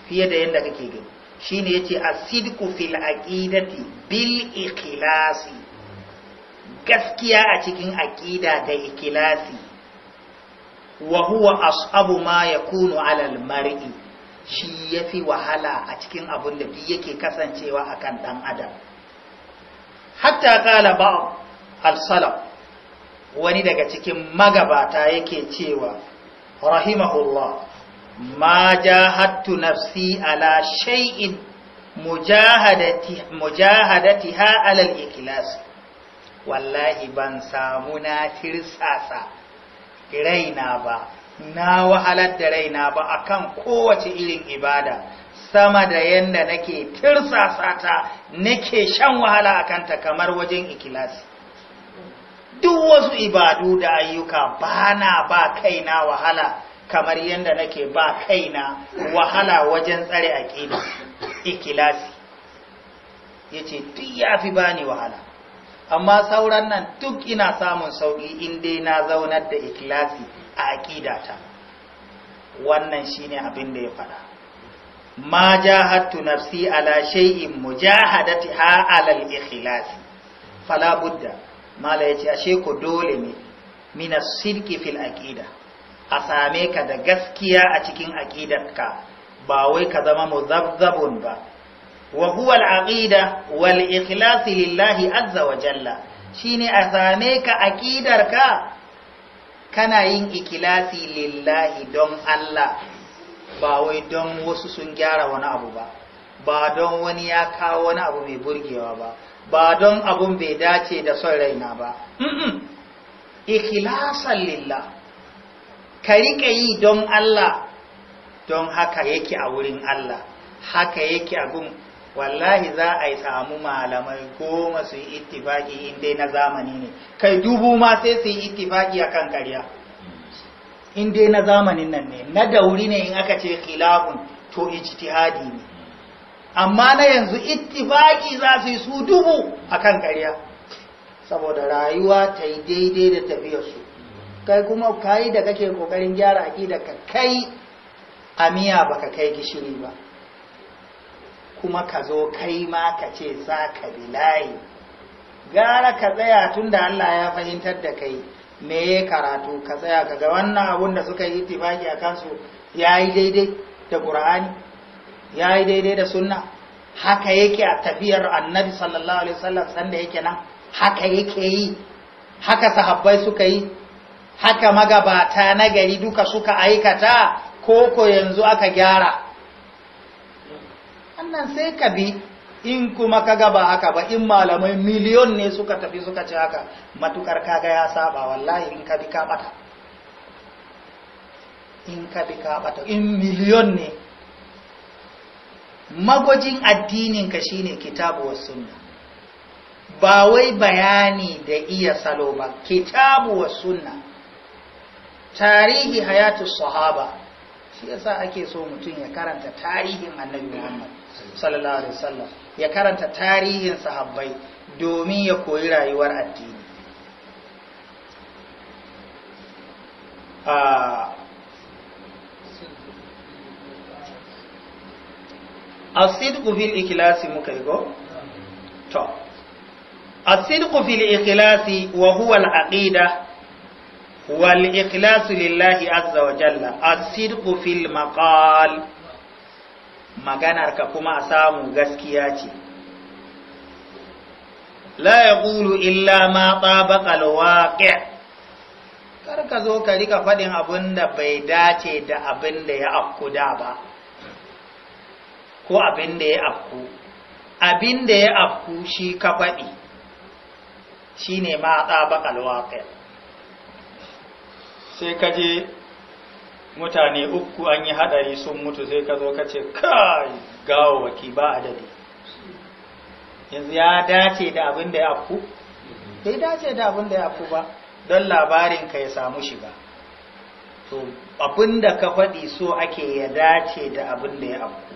fiye da yadda kake gani ce yace sidku fil aƙidati bil ikilasi. gaskiya a cikin aƙida da ikilasi Wahuwa huwa ashabu ma yakunu alal mar'i shi ya fi wahala a cikin abin da duk yake kasancewa akan ɗan adam hatta kala ba'd al salam wani daga cikin magabata yake cewa rahimahullah ma jahattu nafsi ala shay'in mujahadati ha ala al-ikhlas wallahi ban samu na tirsasa raina ba na wahalar da raina ba akan kowace irin ibada sama da yanda nake tirsasa ta nake shan wahala akan ta kamar wajen ikhlasi duk wasu ibadu da ayyuka ba na ba kaina wahala kamar yadda nake ba kaina wahala wajen tsare ƙina ikilasi Ya ce duk ya fi ba ni wahala amma sauran nan duk ina samun sauƙi in dai na zaunar da ikilasi a aƙidata. wannan shi ne abin da ya faɗa ma jahattu nafsi ala shay'in mujahadati ala al-ikhlas fala budda mala ya ce ashe ku dole ne mina sirki fil aqida a same ka da gaskiya a cikin aqidarka ba wai ka zama muzabzabun ba wa huwa al aqida wal ikhlas lillahi azza wa jalla shine a same ka aqidarka kana yin ikhlasi lillahi don Allah ba wai don wasu sun gyara wani abu ba ba don wani ya kawo wani abu mai burgewa ba ba don abun bai dace da son raina ba ikhlasan lillah ka riƙa yi don Allah don haka yake a wurin Allah haka yake abun wallahi za a yi samu malamai goma su yi ittifaki in na zamani ne kai dubu ma sai su yi ittifaki akan kan in dai na zamanin nan ne na dauri ne in aka ce khilafun to ijtihadi ne amma na yanzu ittifaki za su yi su dubu kan ƙarya saboda rayuwa ta yi daidai da tafiyarsu kai kuma kayi da kake ƙoƙarin gyara da ka kai a miya ba ka kai gishiri ba kuma ka zo kai ma ka ce za ka bilayi gara ka tsaya tun da Allah ya fahimtar da kai me ya karatu ka tsaya ga wannan abun da suka yi ittifaki a kansu ya yi daidai da ƙur'ani ya yi daidai da sunna haka yake a tafiyar annabi sallallahu alaihi wasallam sanda yake nan haka yake yi haka sahabbai suka yi haka magabata na gari duka suka aikata koko yanzu aka gyara annan sai ka bi in kuma ka gaba haka ba in malamai miliyon ne suka tafi suka ce haka matukar kaga ya saba wallahi in ka bi ka bata in ka bi ka bata in miliyon ne magwajin addininka shine kitabu wa sunna ba wai bayani da iya salo ba kitabu wa sunna tarihi hayatu sahaba shi yasa ake so mutum ya karanta tarihin annabi Muhammad sallallahu alaihi wasallam ya karanta tarihin sahabbai domin ya koyi rayuwar addini ah, asidku fil ikilasi muka yi ko to asidku fil ikilasi wa huwa al wal lillahi azza wa jalla asidku fil maqal maganar ka kuma a samu gaskiya ce la ya ƙulu illa ma tabaqa kar ka zo ka rika faɗin abin da bai dace da abin da ya afkuda ba ko abin da ya afku abin da ya afku shi ka faɗi shi ne ma tsabakal waƙil sai ka je mutane uku an yi haɗari sun mutu sai ka zo ka ce kai gawawaki ba adadi yanzu ya dace da abin da ya afku bai dace da abin da ya afku ba don labarin ka ya samu shiga to abin da ka faɗi so ake ya dace da abin da ya afku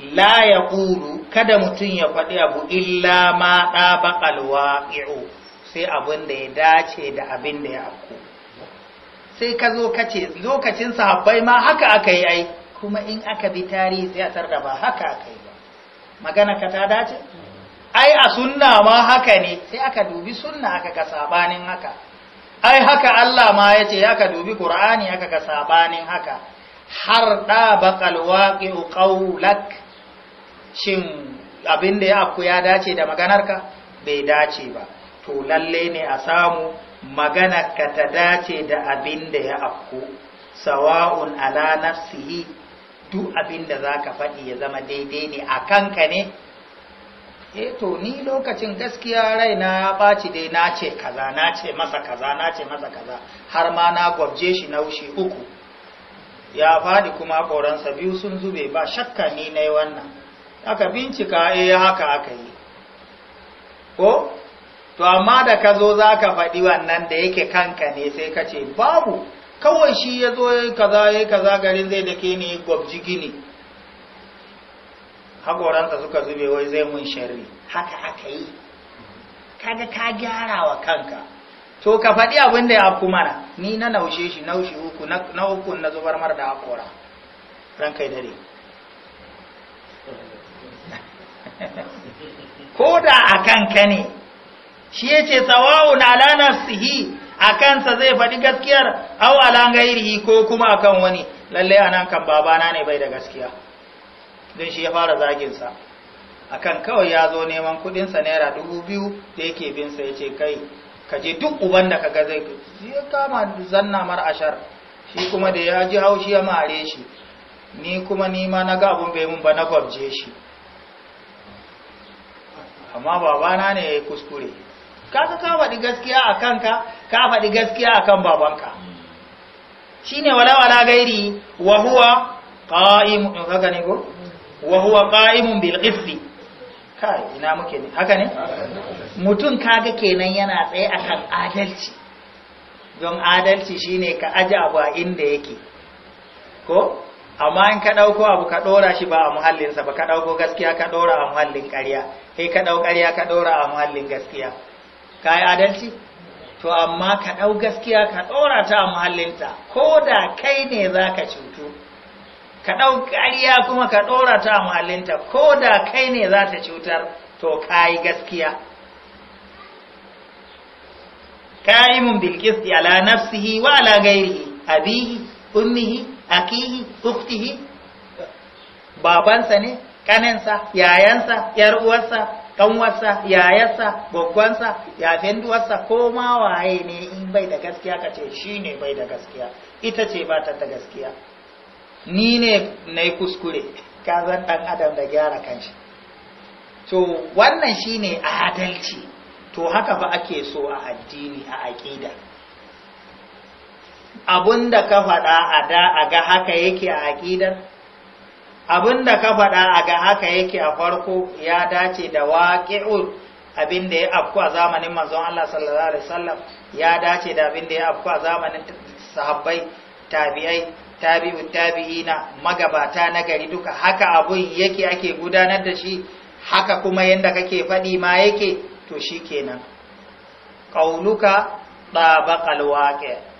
la ya ƙulu kada mutum ya faɗi abu illa ma ɗaba baƙalwa i'u sai abin da ya dace da abin da ya afku sai ka zo ka ce lokacin sahabbai ma haka aka yi ai kuma in aka bi tarihi sai a tarda ba haka aka yi ba magana ka ta dace ai a sunna ma haka ne sai aka dubi sunna aka ga sabanin haka ai haka Allah ma ya ce aka dubi Qur'ani aka ga sabanin haka har ɗaba baqal waqi'u qawlak shin abin da ya afku ya dace da maganarka bai dace ba to lalle ne a samu maganarka ta dace da abin da ya afku sawa'un ala nafsihi duk abin da za ka faɗi ya zama daidai ne a kanka ne eh to ni lokacin gaskiya raina ya ɓaci dai na ce kaza na ce masa kaza na ce masa kaza har ma na gwabje shi na ushi uku ya faɗi kuma ƙoransa biyu sun zube ba shakka ni na wannan aka bincika e haka aka yi ko to amma da ka zo za ka faɗi wannan da yake kanka ne sai ka ce babu kawai shi ya zo ya yi kaza ya yi kaza garin zai da ke ne gwabji gini haƙoranta suka zube wai zai mun sharri haka aka yi kaga ka gyara wa kanka to ka faɗi abin da ya afku mana ni na naushe shi naushe uku na uku na zubar mara da haƙora kai dare ko da a kanka ne shi ya ce sawa'un alanar sihi a kansa zai faɗi gaskiyar au ala gairihi ko kuma akan wani lallai anan kan babana ne bai da gaskiya don shi ya fara zaginsa a kan kawai ya zo neman kudinsa naira dubu biyu da yake binsa ya ce kai ka je duk uban da ga zai ya kama zanna mar ashar shi kuma da ya ji haushi ya mare shi ni kuma ni ma na ga abun bai mun ba na gwabje shi amma babana ne ya yi kuskure kaka ka faɗi gaskiya a kanka ka faɗi gaskiya a kan babanka shi ne walawala gairi wahuwa ƙa'imun in haka ne ko Wahuwa ƙa'imun bilƙifi kai ina muke ne haka ne mutum kaga kenan yana tsaye akan adalci don adalci shi ne ka aji abu a inda yake ko amma in ka ɗauko abu ka ɗora shi ba a muhallinsa ba ka ɗauko gaskiya ka ɗora a muhallin ƙarya sai ka ɗau ƙarya ka ɗora a muhallin gaskiya ka yi adalci to amma ka ɗau gaskiya ka ɗora ta a muhallinta ko da kai ne za ka cutu ka ɗau ƙarya kuma ka ɗora ta a muhallinta ko da kai ne za ta cutar to ka yi gaskiya ka'imun bilkisti ala nafsihi wa ala gairihi abihi ummihi akihi uktihi babansa ne ƙaninsa, yayansa yar uwarsa yayarsa gwaggwansa yafenduwarsa ko ma waye ne in bai da gaskiya ka ce shi ne bai da gaskiya ita ce ba ta da gaskiya ni ne na yi kuskure ka zan ɗan adam da gyara kanshi to wannan shine adalci to haka fa ake so a addini a aƙida abun da ka faɗa a da a ga haka yake a aƙidar abun da ka faɗa a ga haka yake a farko ya dace da waƙi'ul abin da ya afku a zamanin mazan Allah sallallahu alaihi wasallam ya dace da abin da ya afku a zamanin sahabbai tabi'ai tabi'u tabi'ina magabata na gari duka haka abun yake ake gudanar da shi haka kuma yadda kake faɗi ma yake to kenan, qauluka tabaqal waqi'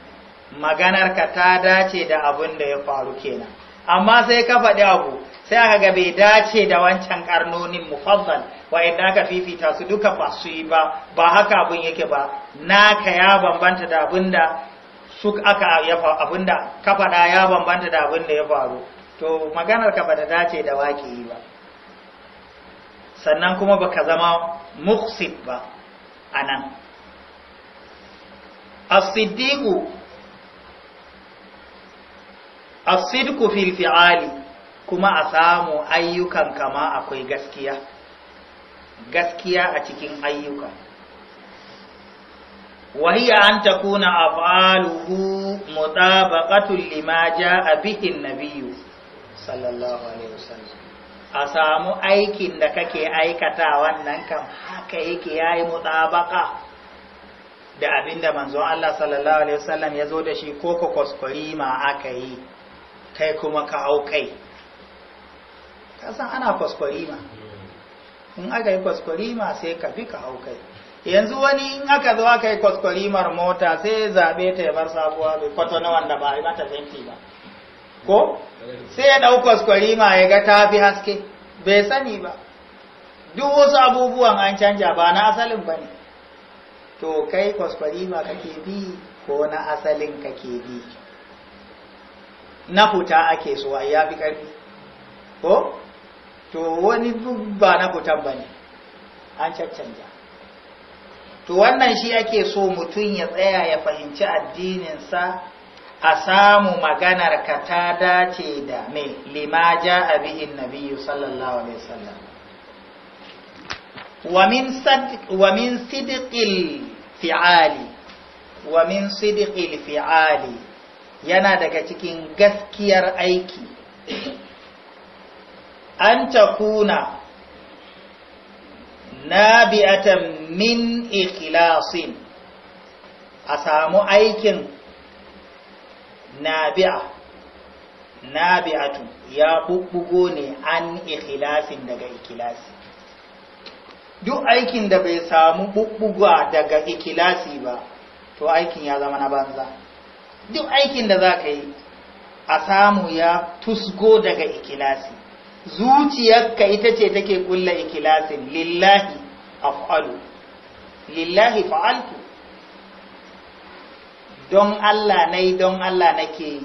maganarka ta dace da abin da ya faru kenan amma sai ka faɗi abu sai aka ga bai dace da wancan karnonin wa wa'inda aka fifita su duka ba su yi ba ba haka abin yake ba naka ya bambanta da abin da su aka abin da ka faɗa ya bambanta da abin da ya faru to maganar ka bata dace da waƙi ba sannan kuma baka zama muksid ba anan as-siddiqu asidku fil fi'ali kuma a samu ayyukan kama akwai gaskiya gaskiya a cikin ayyuka wahiya an takuna af'aluhu mutabaqatul lima jaa bihi an-nabiyyu sallallahu alaihi wasallam a samu aikin da kake aikata wannan kam haka yake yayi yi mutabaka da abinda manzon Allah sallallahu Alaihi wasallam ya zo da shi ko kuskuri ma aka yi kai kuma ka hau kai san ana kwaskwarima in aka yi kwaskwarima sai ka fi ka hau kai yanzu wani in aka zo aka yi kwaskwarimar mota sai zaɓe ta bar sabuwa bai kwato na wanda ba mata fenti ba ko sai ya ɗau kwaskwarima ya ga ta fi haske bai sani ba duk wasu abubuwan an canja ba na asalin ba ne to kai kwaskwarima kake bi ko na asalin kake bi na huta ake so a ya fi ƙarfi ko to wani duk ba na hutan ba ne an caccanja to wannan shi ake so mutum ya tsaya ya fahimci addininsa a samu maganar ka ta dace da me limaja abihin nabiyu sallallahu alaihi wasallam wa min sidqil fi'ali wa min sidqil fi'ali yana daga cikin gaskiyar aiki an takuna nabi'atan min ikilasin, a samu aikin nabi'a nabi'atu ya bubbugo ne an ikilasin daga ikilasi. duk aikin da bai samu bubbuga daga ikilasi ba to aikin ya zama na banza duk aikin da za ka yi a samu ya tusgo daga ikilasi zuciyarka ita ce take kulla ikilasin lillahi af'alu lillahi fa'altu don Allah na yi don Allah na ke yi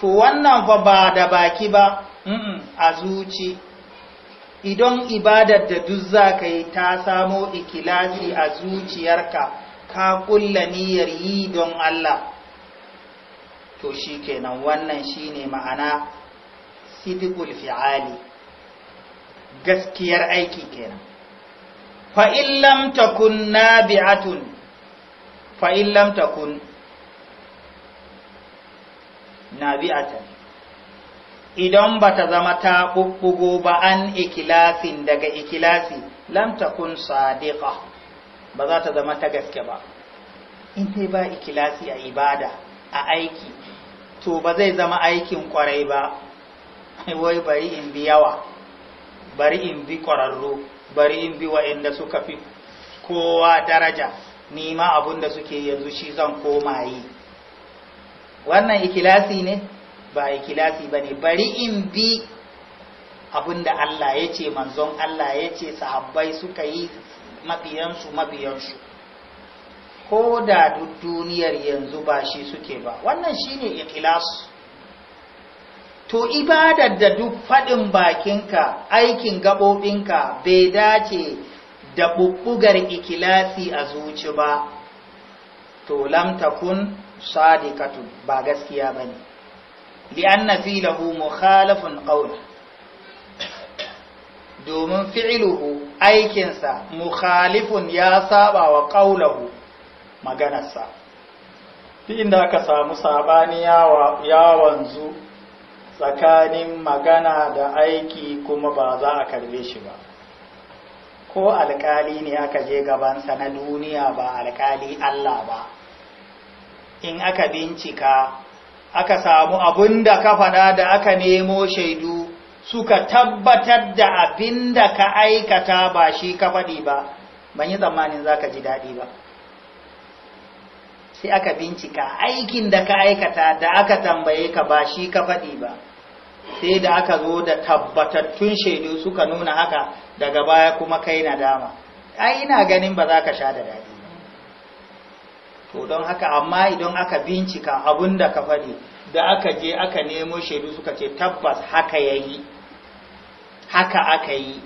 to wannan fa ba da baki ba a zuci idan ibadar da duk za ka yi ta samo ikilasi a zuciyarka ka ƙulla niyyar yi don Allah to shi kenan wannan shine ma'ana sidikul fi'ali gaskiyar aiki kenan Fa illam takun nabi'atun fa illam takun nabi'atan idan ba ta zama ta ɓuɓɓugo ba an ikilasin daga ikilasi lam takun sadiqa ba za ta zama ta gaske ba in dai ba ikilasi a ibada a aiki to ba zai zama aikin kwarai ba wai bari in bi yawa bari in bi kwararru bari in bi wa'inda suka fi kowa daraja nima abun da suke yanzu shi zan koma yi wannan ikilasi ne ba ikilasi ba ne bari in bi abun Allah ya ce manzon Allah ya ce sahabbai suka yi mafiyansu mafiyansu ko da duk duniyar yanzu ba shi suke ba wannan shine ikhlas to ibadar da duk faɗin bakinka aikin gaɓoɓinka bai dace da ɓuɓɓugar ikilasi a zuci ba to lamtakun sadiqatu ba gaskiya ba ne na fi lahu mukhalafun qawla domin fi'iluhu aikinsa mukhalifun ya saba wa ƙaulahu maganarsa fi inda aka samu saɓani yawanzu tsakanin magana da aiki kuma ba za a karbe shi ba ko alƙali ne aka je gabansa na duniya ba alkali Allah ba in aka bincika aka samu abunda da ka faɗa da aka nemo shaidu suka tabbatar da abin da ka aikata ba shi ka faɗi ba ban yi tsammanin za ka ji daɗi ba sai aka bincika aikin da ka aikata da aka tambaye ka ba shi ka faɗi ba sai da aka zo da tabbatattun shaidu suka nuna haka daga baya kuma kai na dama. ai ina ganin ba za ka sha da daɗi ba to don haka amma idan aka bincika abin da ka faɗi da aka je aka nemo shaidu suka ce tabbas haka ya yi haka aka yi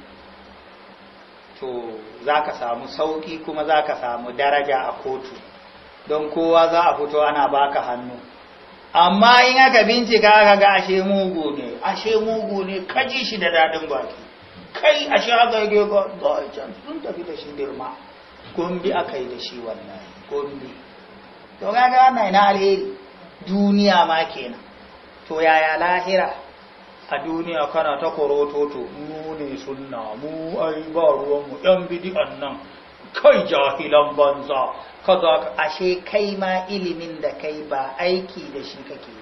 to za ka samu sauƙi kuma za ka samu daraja a kotu don kowa za a fito ana baka hannu amma in aka bincika aka ga ashe mugu ne ashe mugu ne kaji shi da daɗin baki kai ashe aka yi ga can sun tafi da shi girma gombi aka yi da shi wannan gombi to ga ga wannan ina alheri duniya ma kenan to yaya lahira a duniya kana ta korototo mu ne sunna mu ai ba ruwanmu yan bidi'an nan kai jahilan banza kaza ashe kai ma ilimin da kai ba aiki da shi kake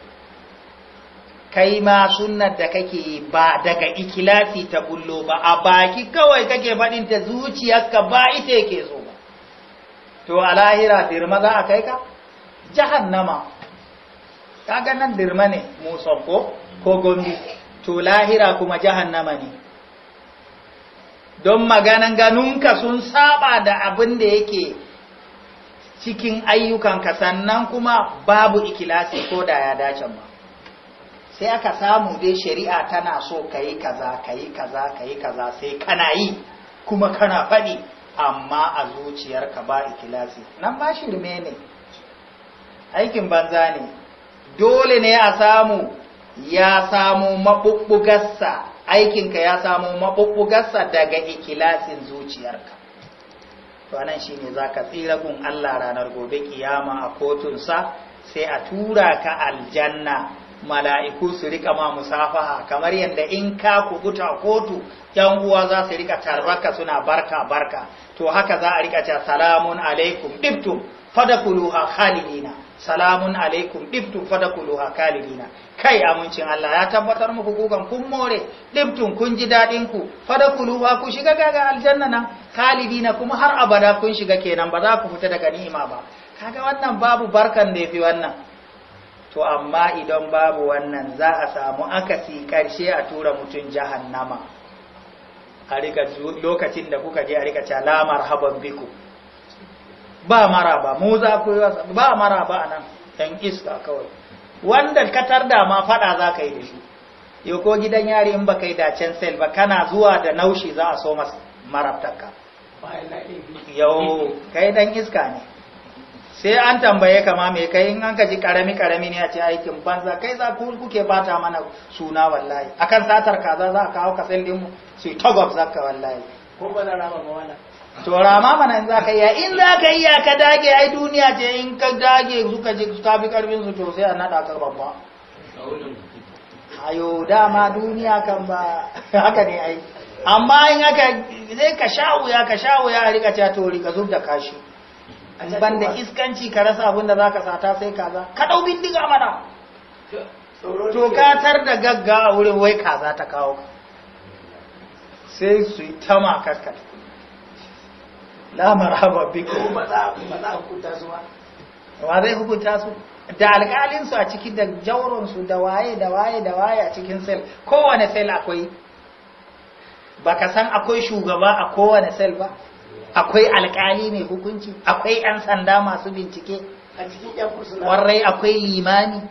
kai ma sunnar da kake ba daga ikilafi ta bullo ba a baki kawai kake faɗin ta zuciyarka ba ita yake so ba to a lahira firma za a kai ka jahannama kaga nan dirma ne muson ko ko gombi to lahira kuma jahannama ne don maganan ganunka sun saba da abin da yake cikin ayyukan ka sannan kuma babu ikilasi ko da ya dace ba sai aka samu dai shari'a tana so kayi kaza kayi kaza kayi kaza sai kana yi kuma kana faɗi amma a zuciyarka ba ikilasi nan ba shirme ne aikin banza ne dole ne a samu ya samu maɓuɓɓugarsa aikinka ya samu maɓuɓɓugarsa daga ikilasin zuciyarka to anan shi ne za ka tsira kun Allah ranar gobe kiyama a kotunsa sai a tura ka aljanna mala'iku su rika ma musafaha kamar yadda in ka kubuta kotu yan uwa za su rika tarraka suna barka barka to haka za a rika cewa salamun alaikum dibtum fadakuluha khalidina salamun alaikum ɗiftun fadakuluha kalidina kai amincin Allah ya tabbatar muku gugan kun more ɗiftun kun ji daɗin ku fadakuluha ku shiga gaga aljanna nan kalidina kuma har abada kun shiga kenan ba za ku fita daga ni'ima ba kaga wannan babu barkan da yafi wannan to amma idan babu wannan za a samu akasi karshe a tura mutum jahannama a rika lokacin da kuka je a rika cala marhaban biku ba maraba mu za ku ba maraba nan dan iska kawai wanda ka tarda ma faɗa za ka yi da shi yau ko gidan yari in baka yi dacen sel ba kana zuwa da naushi za a so masa marabtarka yau kai dan iska ne sai an tambaye ka ma me kai in an ka ji karami karami ne a ce aikin banza kai za ku kuke bata mana suna wallahi akan satar kaza za ka kawo ka sel din su tagwab zakka wallahi ko ba da rama wala Tora ma mana in za ka iya in za ka iya ka dage ai duniya ce in ka dage suka je ka fi karfin su to sai a nada ka babba ayo dama duniya kan ba haka ne ai amma in haka zai ka sha wuya ka sha wuya a rika cewa to rika zub da kashi ban da iskanci ka rasa abin da zaka sata sai kaza ka dau bindiga mana to ka tar da gagga a wurin wai kaza ta kawo sai su yi ta makaskata la marhaba biku ba za ba za hukunta su ba ba zai hukunta su da alƙalin su a ciki da jawron su da waye da waye da waye a cikin sel kowane sel akwai baka san akwai shugaba a kowane sel ba akwai alƙali mai hukunci akwai yan sanda masu bincike a cikin yan fursuna warrai akwai limani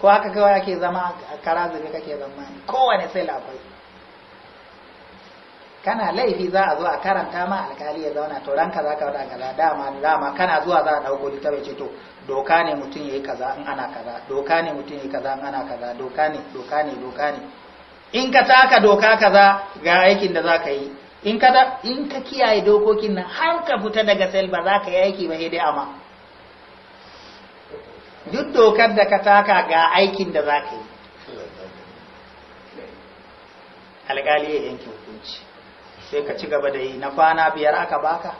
ko haka kawai ake zama a kara zube kake zama kowane sel akwai kana laifi za a zo a karanta ma alkali ya zauna to ranka za ka wada kaza dama dama kana zuwa za a ɗauko bai ce to doka ne mutum ya yi kaza in ana kaza doka ne mutum ya yi kaza in ana kaza doka ne doka ne doka ne in ka taka doka kaza ga aikin da za ka yi in ka in ka kiyaye dokokin nan har ka fita daga sel ba za ka yi aiki ba sai dai amma duk dokar da ka taka ga aikin da za ka yi alƙali ya yanke sai ka ci gaba da yi na kwana biyar aka baka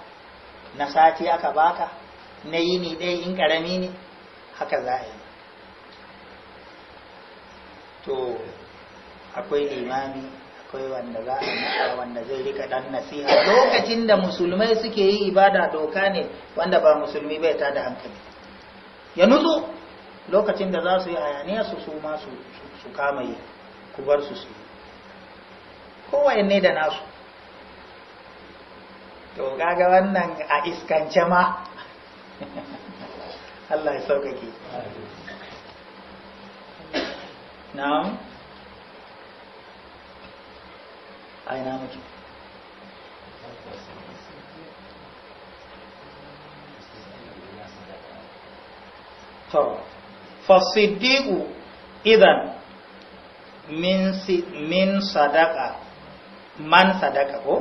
na sati aka baka na yi ni ɗaya in ƙarami ne haka za a yi to akwai limami akwai wanda za a wanda zai rika ɗan nasiha lokacin da musulmai suke yi ibada doka ne wanda ba musulmi bai ta da hankali ya nutsu lokacin da za su yi hayaniya su su ma su kama yi ku su su yi kowa ne da nasu to kaga wannan a iskance ma Allah ya sauƙaƙe na'am aina muke to fasiddiqu idan min min man sadaka ko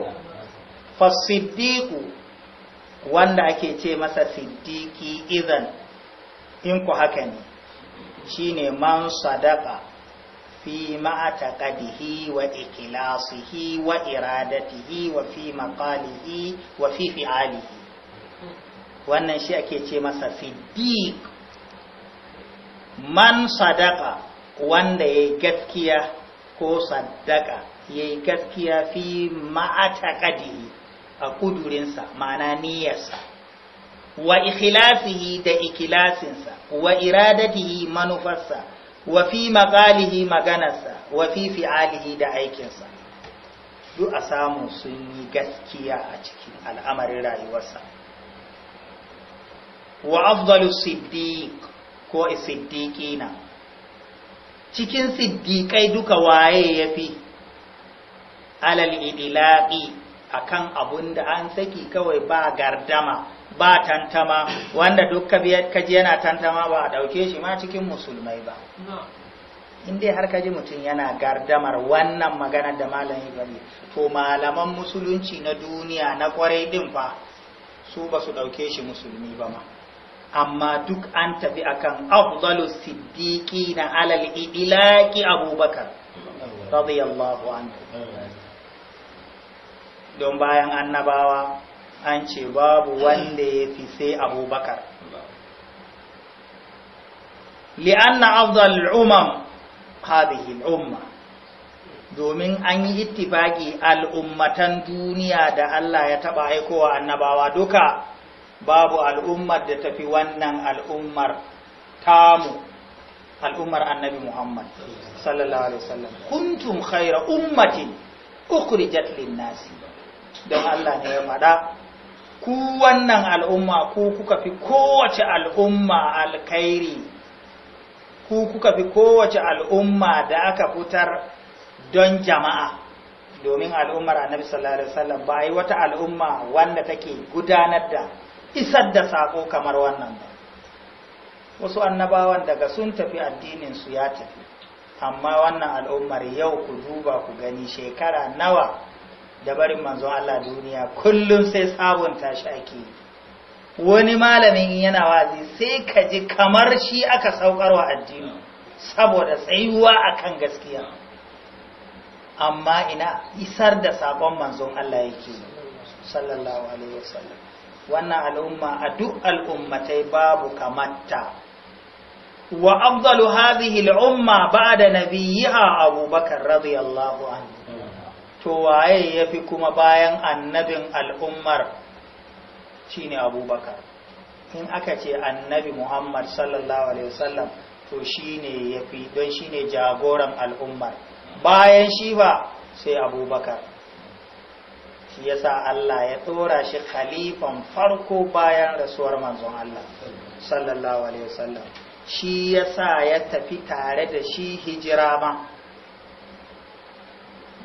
fasiddiku wanda ake ce masa siddiki idan in ku haka ne shine man sadaka fi ma'ataqadihi wa ikilasihi wa iradatihi wa fi maqalihi wa fi fi'alihi wannan shi ake ce masa siddiq man sadaka wanda yayi gaskiya ko sadaka yayi gaskiya fi ma'ataqadihi a kudurinsa ma'ana niyarsa. wa ikhlasihi da ikilasinsa wa iradatihi manufarsa wa fi maqalihi maganarsa wa fi fi'alihi da aikinsa duk a samu sun yi gaskiya a cikin al'amarin rayuwarsa wa afdalu siddiq ko siddiqina cikin siddiqai duka waye yafi alal idlaqi akan abun da an saki kawai ba gardama ba tantama wanda duk kaji yana tantama ba a ɗauke shi ma cikin musulmai ba in dai har kaji mutum yana gardamar wannan magana da malam ibrahim to malaman musulunci na duniya na kwarai din fa su ba su ɗauke shi musulmi ba ma amma duk an tafi akan afdalu siddiqi na alal ibilaki abubakar radiyallahu anhu don bayan annabawa an ce babu wanda ya fi sai abubakar li'anna afdal umam hadhihi umma domin an yi ittifaki al'ummatan duniya da Allah ya taba aikowa annabawa duka babu al'ummar da tafi wannan al'ummar tamu al'ummar annabi Muhammad sallallahu alaihi wasallam kuntum khayra ummatin ukhrijat lin-nasi don Allah ne ya faɗa ku wannan al'umma ku kuka fi kowace al'umma alkhairi ku kuka fi kowace al'umma da aka fitar don jama'a domin al'ummar annabi sallallahu alaihi wasallam ba yi wata al'umma wanda take gudanar da isar da sako kamar wannan ba wasu annabawan daga sun tafi addinin su ya tafi amma wannan al'ummar yau ku duba ku gani shekara nawa da barin manzon Allah duniya kullum sai sabunta shi ake wani malamin yana wazi sai ka ji kamar shi aka saukarwa addini saboda tsayuwa akan gaskiya amma ina isar da sabon manzon Allah yake sallallahu alaihi wasallam wannan al'umma a duk al'ummatai babu kamata wa afdalu hadhihi al'umma ba'da nabiyha abubakar radiyallahu anhu to waye ya fi kuma bayan annabin al'ummar shine abubakar in aka ce annabi muhammad sallallahu alaihi wasallam to shine ya fi don shine jagoran al'ummar bayan shi ba sai abubakar shi yasa allah ya tsora shi khalifan farko bayan rasuwar manzon allah sallallahu alaihi wasallam shi yasa ya tafi tare da shi hijira ba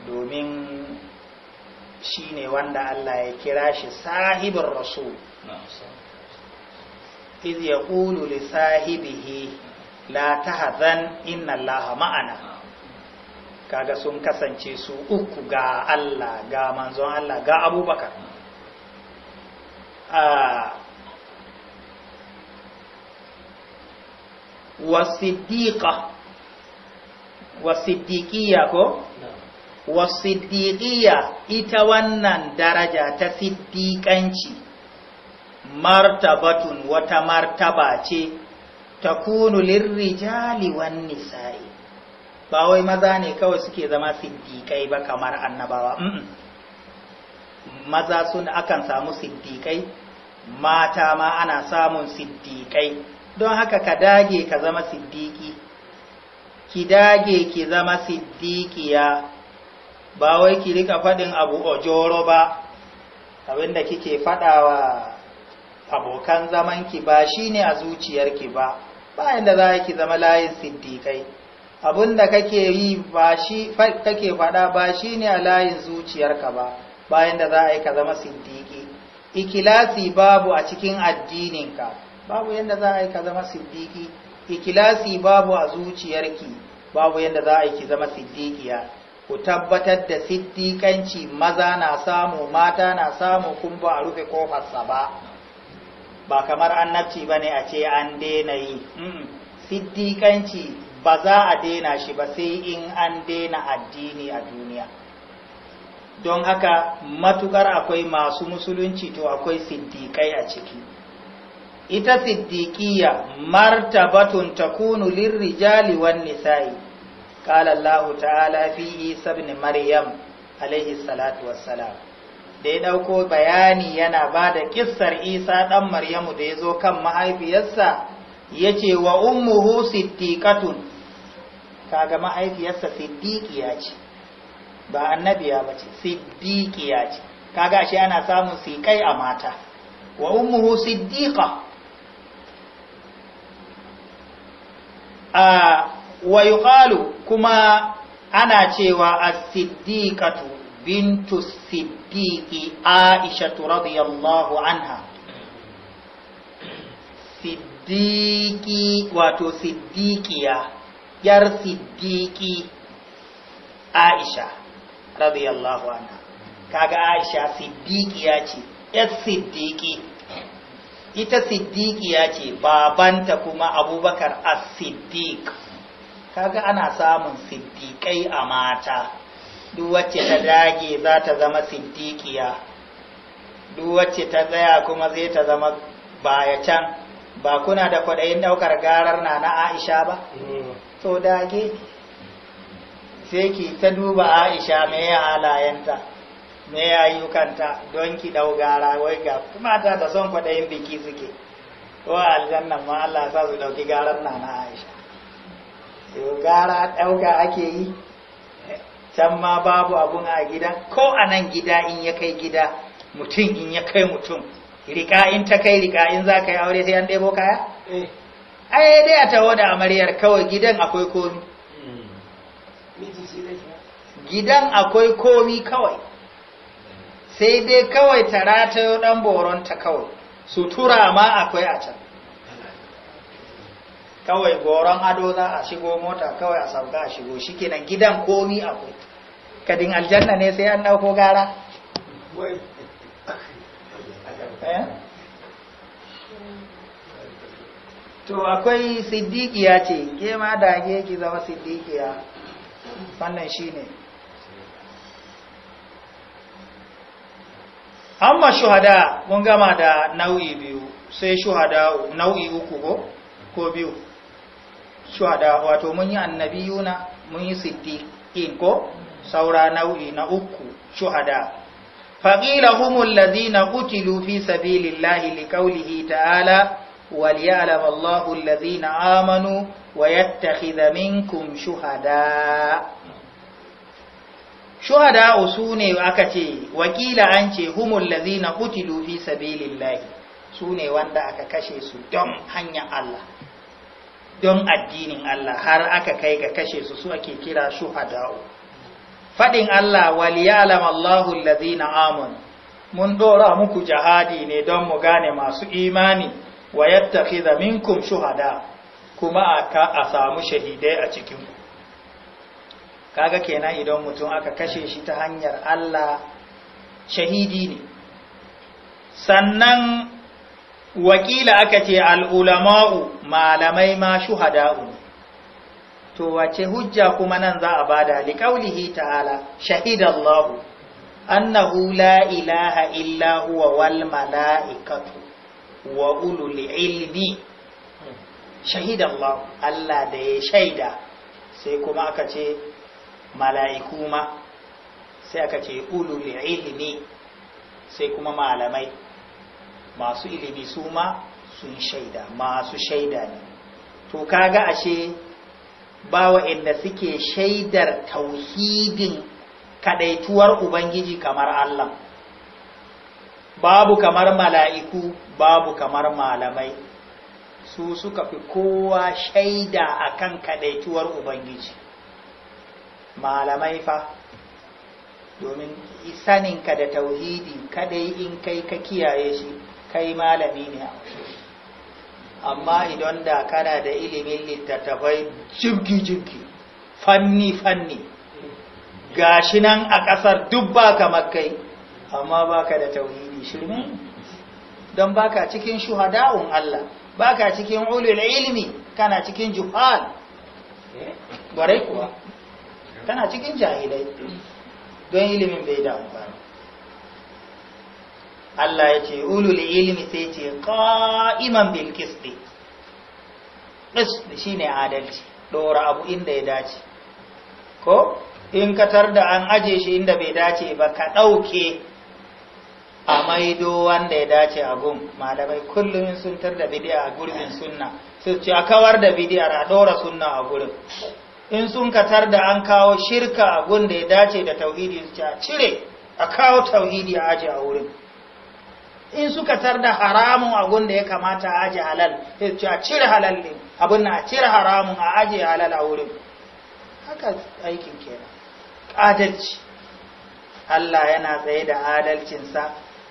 domin Shi ne wanda Allah ya kira shi sahibin rasul iz ƙulu li sahibihi la ta hazan inna laha ma'ana kaga sun kasance su uku ga Allah ga manzon Allah ga Abubakar a wa siddiqa ko wa ita wannan daraja ta siddiƙanci martabatun wata martaba ce ta kunu lirrijali wan nisa'i ba wai maza ne kawai suke zama siddiƙai ba kamar annabawa maza sun akan samu siddiƙai mata ma ana samun siddiƙai don haka ka dage ka zama siddiƙi ki dage ki zama siddiƙiya ba wai ki rika faɗin abu ojoro ba abinda kike faɗawa abokan zamanki ba shine a zuciyarki ba bayan da za ki zama layin siddiƙai abinda kake yi ba shi kake faɗa ba shine a layin zuciyarka ba bayan da za a yi ka zama siddiƙi ikilasi babu a cikin addininka babu yadda za a yi ka zama siddiƙi ikilasi babu a zuciyarki babu yanda za a yi ki zama siddiƙiya ku tabbatar da siddiƙanci maza na samu mata na samu kun ba a rufe kofarsa ba ba kamar annabci ba ne a ce an daina yi siddiƙanci ba za a daina shi ba sai in an daina addini a duniya don haka matukar akwai masu musulunci to akwai siddiƙai a ciki ita siddiƙiya martabatun takunu lirrijali wan nisa'i قال الله تعالى في عيسى ابن Maryam عليه salatu والسلام da ya dauko bayani yana bada kissar Isa dan Maryamu da yazo kan mahaifiyarsa yace wa ummuhu siddiqatun kaga mahaifiyarsa siddiqiya ce ba annabiya bace siddiqiya ce kaga ashe ana samun sikai a mata wa ummuhu siddiqa wa yuqalu kuma ana cewa as-siddiqatu bintu siddiqi aisha radhiyallahu anha siddiqi wato siddiqiya yar siddiqi aisha radhiyallahu anha kaga aisha siddiqiya ce yar siddiqi ita siddiqiya ce babanta kuma abubakar as-siddiq kaga ana samun siddiƙai a mata duk wacce ta dage za ta zama siddiƙiya duk wacce ta tsaya kuma zai ta zama baya can ba kuna da kwaɗayin ɗaukar garar na na aisha ba mm. to dage sai ki ta duba aisha mai halayenta mai ayyukanta don ki ɗau gara wai ga mata da son kwaɗayin biki suke ko aljannan ma Allah sa su ɗauki garar na na aisha gara ɗauka ake yi can ma babu abun a gida ko a nan gida in ya kai gida mutum in ya kai mutum riƙa in ta kai riƙa in za ka yi aure sai an ɗebo kaya? Eh. ai dai a taho da amaryar kawai gidan akwai komi hmm. gidan akwai komi kawai sai dai kawai ta ratayo ɗan boron ta kawai sutura ma akwai a can kawai goron ado za a shigo mota kawai a sauka a shigo shi kenan gidan komi akwai kadin aljanna ne sai an dauko gara eh? to akwai siddiqiya ce ke ma dage ki zama siddiqiya wannan shine amma shuhada mun gama da nau'i biyu sai shuhada nau'i uku ko biyu shuhada wato mun yi annabiyuna mun yi siddiqin ko saura nau'i na uku shuhada faqila humul ladina qutilu fi sabilillahi liqaulihi ta'ala وليعلم Allahu alladhina amanu wa yattakhidha minkum shuhada shuhada usune aka ce wakila an ce humul ladina qutilu fi sabilillahi Sune wanda aka kashe su don hanyar Allah don addinin Allah har aka kai ga kashe su su ake kira shuhada'u fadin Allah waliyalam Allahu allazina amanu mun dora muku jihadi ne don mu gane masu imani wa yattakhidha minkum shuhada kuma aka a samu shahidai a cikin ku kaga kenan idan mutum aka kashe shi ta hanyar Allah shahidi ne sannan wakila aka ce al'ulama'u malamai ma shuhada'u to wace hujja kuma nan za a bada liƙaulihi ta'ala shahidallahu annahu la ilaha illa huwa wal mala'ikatu wa ulul ilmi shahidallahu Allah da ya shaida sai kuma aka ce mala'iku ma sai aka ce ulul ilmi sai kuma malamai masu ilimi su ma sun shaida masu shaida ne to kaga ashe ba wa'inda suke shaidar tauhidin kadaituwar ubangiji kamar Allah babu kamar mala'iku babu kamar malamai su suka fi kowa shaida akan kadaituwar ubangiji malamai fa domin saninka da tauhidi kadai in kai ka kiyaye shi kai malami ne amma idan da kana da ilimin littattafai jirgi-jirgi fanni-fanni gashi nan a ƙasar duk ka makai amma baka da tauhidi shirme don baka cikin shuhada'un Allah baka cikin ulul ilmi kana cikin juhal bare kuwa kana cikin jahilai don ilimin bai da amfani Allah ya ce ulul ilmi sai ce qa'iman bil qisti qist shine adalci dora abu inda ya dace ko in ka da an aje shi inda bai dace ba ka dauke a maido wanda ya dace a gun malamai kullum sun tar da bidiya a gurbin sunna su ce a kawar da bidiya a dora sunna a gurin in sun katar da an kawo shirka a gun da ya dace da tauhidi su ce a cire a kawo tauhidi a aje a wurin in suka tar da haramun abun da ya kamata a aji halal sai a cire halal ne abun na a cire haramun a aji halal a wurin haka aikin kenan adalci Allah yana tsaye da adalcinsa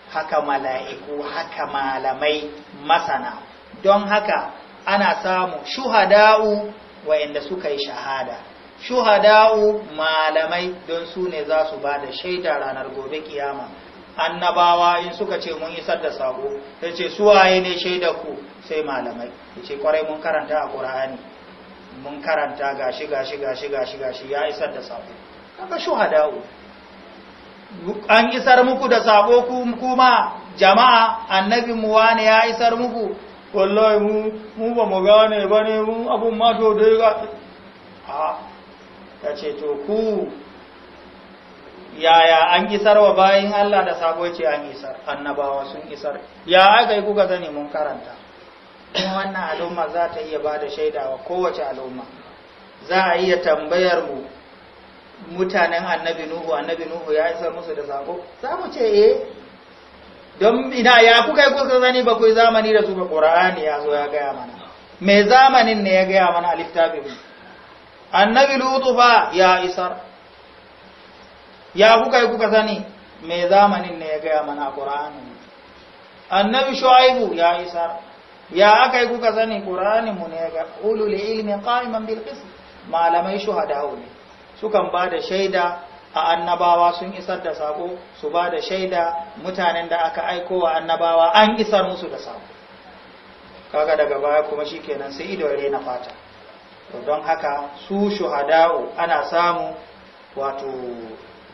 haka mala'iku haka malamai masana don haka ana samu shuhada'u wa'inda suka yi shahada shuhada'u malamai don su ne za su ba da shaida ranar gobe kiyama annabawa in suka ce mun isar da sako sai ce suwaye ne shaida ku sai malamai ya ce kwarai mun karanta a ƙura'ani mun karanta gashi gashi gashi gashi gashi ya isar da sako kaga shuhada'u an isar muku da sako kuma jama'a annabi mu wane ya isar muku wallahi mu mu ba mu gane bane mu abun ma to dai ga a ta ce to ku yaya an isar wa bayin Allah da sabo ce an isar annabawa sun isar ya aka yi kuka sani mun karanta kuma wannan al'umma za ta iya ba da shaida wa kowace al'umma za a iya tambayar mu mutanen annabi nuhu annabi nuhu ya isar musu da sabo za mu ce eh don ina ya kuka yi kuka sani ba ku yi zamani da su ba qur'ani ya zo ya gaya mana me zamanin ne ya gaya mana a littafin annabi lutu ya isar ya kuka yi kuka sani mai zamanin ne ya gaya mana a ƙura'anin annabi shu'aibu ya isa. ya aka yi kuka sani ƙura'anin ne ga ulul ilmi qa'iman bil malamai shuhada'u ne sukan ba da shaida a annabawa sun isar da sako su ba da shaida mutanen da aka aiko wa annabawa an isar musu da sako kaga daga baya kuma shikenan sai ido na fata don haka su shuhada'u ana samu wato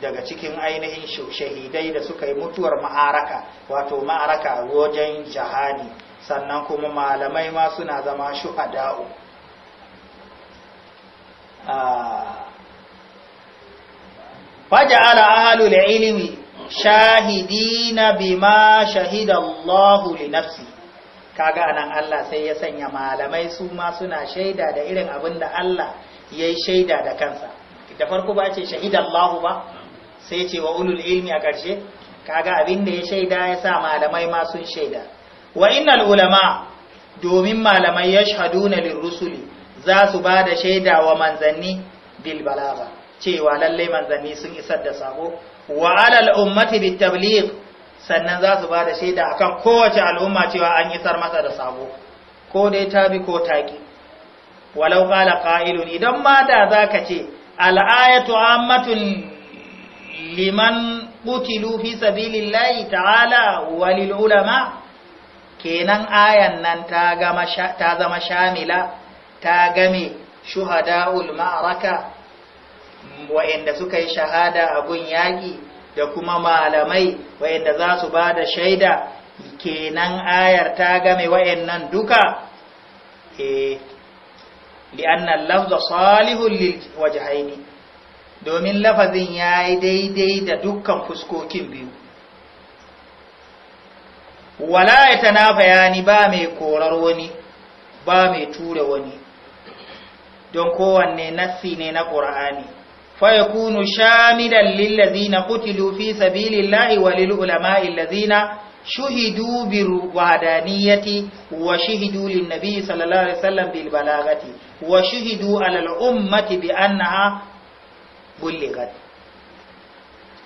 daga cikin ainihin shahidai da suka yi mutuwar ma'araka wato ma'araka wajen jihadi sannan kuma malamai ma suna zama shuhada'u ah. faja'ala ahlul ilimi shahidina bima shahida Allahu li nafsi kaga nan Allah sai ya sanya malamai su ma suna shaida da irin abin da Allah yayi shaida da kansa da farko ba ce shahidallahu ba sai ce wa ulul ilmi a ƙarshe kaga abin da ya shaida ya sa malamai ma sun shaida wa innal ulama domin malamai yashhaduna lirrusuli za su ba da shaida wa manzanni bil balagha cewa lallai manzanni sun isar da sako wa alal ummati bit sannan za su ba da shaida akan kowace al'umma cewa an isar masa da sako ko dai ta bi ko taki walau qala qa'ilun idan ma da zaka ce al ayatu ammatun liman qutilu fi sabilillahi ta'ala walil ulama kenan ayan nan ta zama shamila ta game shuhada'ul ma'araka wa'inda suka yi shahada a gun yaƙi da kuma malamai wa'inda za su ba da shaida kenan ayar ta game wa'innan duka eh li'anna lafza salihun lil wajhaini domin lafazin ya yi daidai da dukkan fuskokin biyu wala ya tana bayani ba mai korar wani ba mai ture wani don kowanne nassi ne na ƙura'ani faya kunu shamidan lillazina kutilu fi sabilillahi wa lil ulama'i shuhidu bir wadaniyati wa shuhidu lin nabi sallallahu alaihi wasallam bil wa shuhidu alal ummati bi annaha bulligat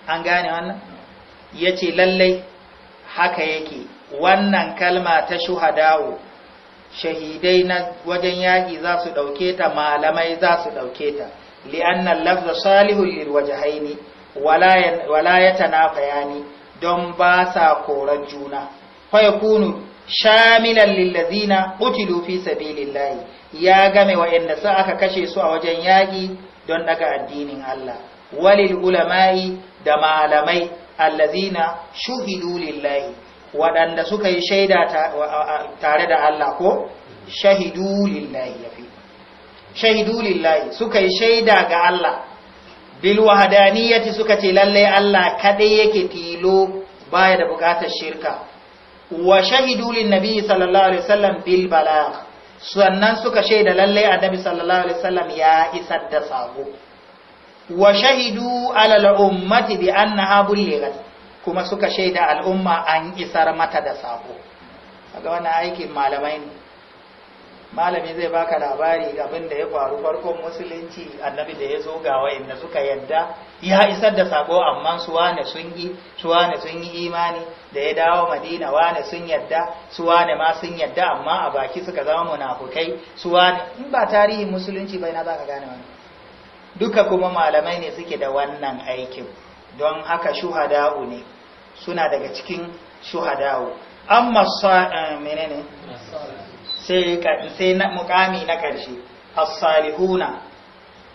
an gane wannan ya ce lallai haka yake wannan kalma ta shuhadawo shahidai na wajen yaƙi za su ɗauke ta malamai za su ɗauke ta li'annan lafza salihun haini. wala na tanafayani don ba sa koran juna fayakunu shamilan lillazina qutilu fi sabilillahi ya game wa'anda sa aka kashe su a wajen yaƙi don daga addinin Allah walil ulama'i da malamai allazina shuhidu lillahi waɗanda suka yi shaida tare da Allah ko shahidu lillahi yafi shahidu lillahi suka yi shaida ga Allah bil wahadaniyati suka ce lalle Allah kadai yake tilo baya da bukatar shirka wa shahidu lin nabi sallallahu alaihi wasallam bil balagh sannan suka shaida lallai annabi sallallahu alaihi wasallam ya isar da sako wa shahidu ala ummati bi annaha bullighat kuma suka shaida al'umma an isar mata da sako kaga wannan aikin malamai ne malami zai baka labari abin da ya faru farkon musulunci annabi da ya zo ga wayanda suka yadda ya isar da sako amma suwane sun yi su sun yi imani da ya dawo madina wane sun yadda su wane ma sun yadda amma a baki suka zama munafukai su wane in ba tarihin musulunci bai na zaka gane wani duka kuma malamai ne suke da wannan aikin don haka shuhada'u ne suna daga cikin shuhada'u amma eh, menene sai sai mukami na karshe as-salihuna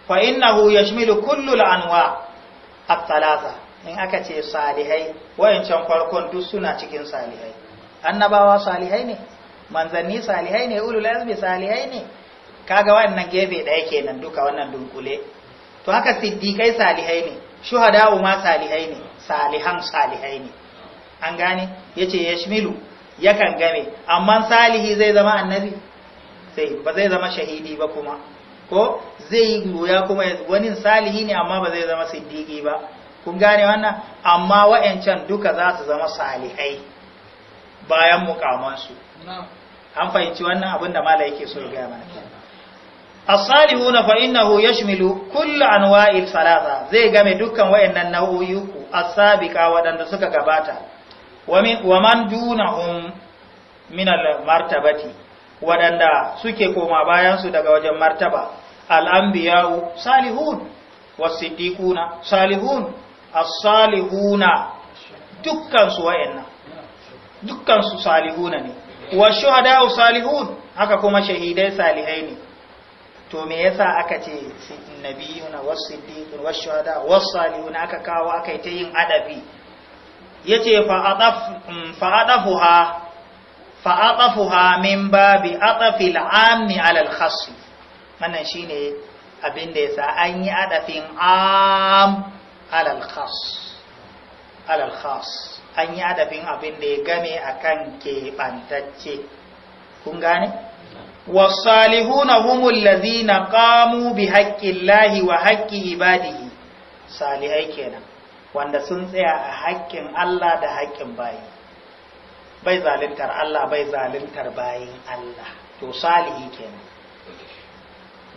fa innahu yashmilu kullu al-anwa al thalatha in aka ce salihai wayancan farkon duk suna cikin salihai annabawa salihai ne manzanni salihai ne ulul azmi salihai ne kaga wannan gefe ɗaya kenan duka wannan dunkule to haka siddiqai salihai ne shuhada'u ma salihai ne salihan salihai ne an gane yace yashmilu yakan game amma salihi zai zama annabi sai ba zai zama shahidi ba kuma ko zai yi goya kuma wani salihi ne amma ba zai zama siddiqi ba kun gane wannan amma wa'ancan duka za su zama salihai bayan mukamansu an fahimci wannan abin da mala yake so ya gaya mana as-salihuna fa innahu yashmilu kull anwa'i salasa zai game dukkan wayannan nau'o'i ku as-sabiqa wadanda suka gabata wa man dunahum min al-martabati wadanda suke koma bayan su daga wajen martaba al-anbiya'u salihun was-siddiquna salihun as-salihuna dukkan su wayannan dukkan su salihuna ne wa shuhada'u salihun haka kuma shahidai salihai ne to me yasa aka ce nabiyuna was-siddiqun wash-shuhada was-salihuna aka kawo aka yi ta yin adabi yace fa adaf mm, fa adafuha min babi aɗafil amni alal khassi wannan shine abin da yasa an yi adafin am alal khas alal khas an yi adabin abin da ya game a kan keɓantacce kun gane wasalihuna humul lazina qamu bi lahi wa haqqi ibadihi salihai kenan wanda sun tsaya a haƙƙin Allah da haƙƙin bayi bai zalintar Allah bai zalintar bayin Allah to salihi kenan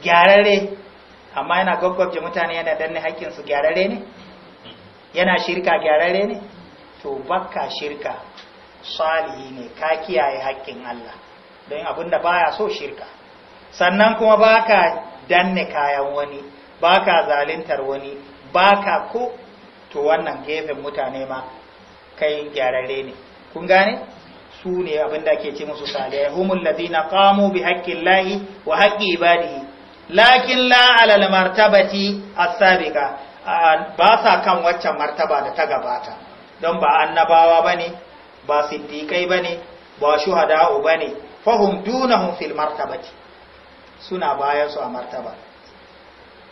gyarare amma yana gaggabje mutane yana danne haƙƙinsu gyararre ne yana shirka gyararre ne to bakka shirka salihi ne ka kiyaye haƙƙin Allah don abin da baya so shirka sannan kuma baka danne kayan wani baka zalintar wani baka ko to wannan gefen mutane ma kai gyararre ne kun gane su ne abin da ake ce musu salihai humul ladina qamu bi haqqillahi wa haqqi ibadihi lakin la ala al martabati as-sabiqa ba sa kan waccan martaba da ta gabata don ba annabawa ba ne ba siddiƙai ba ne ba shuhada'u ba ne fahim dunahun fil martabati suna bayansu a martaba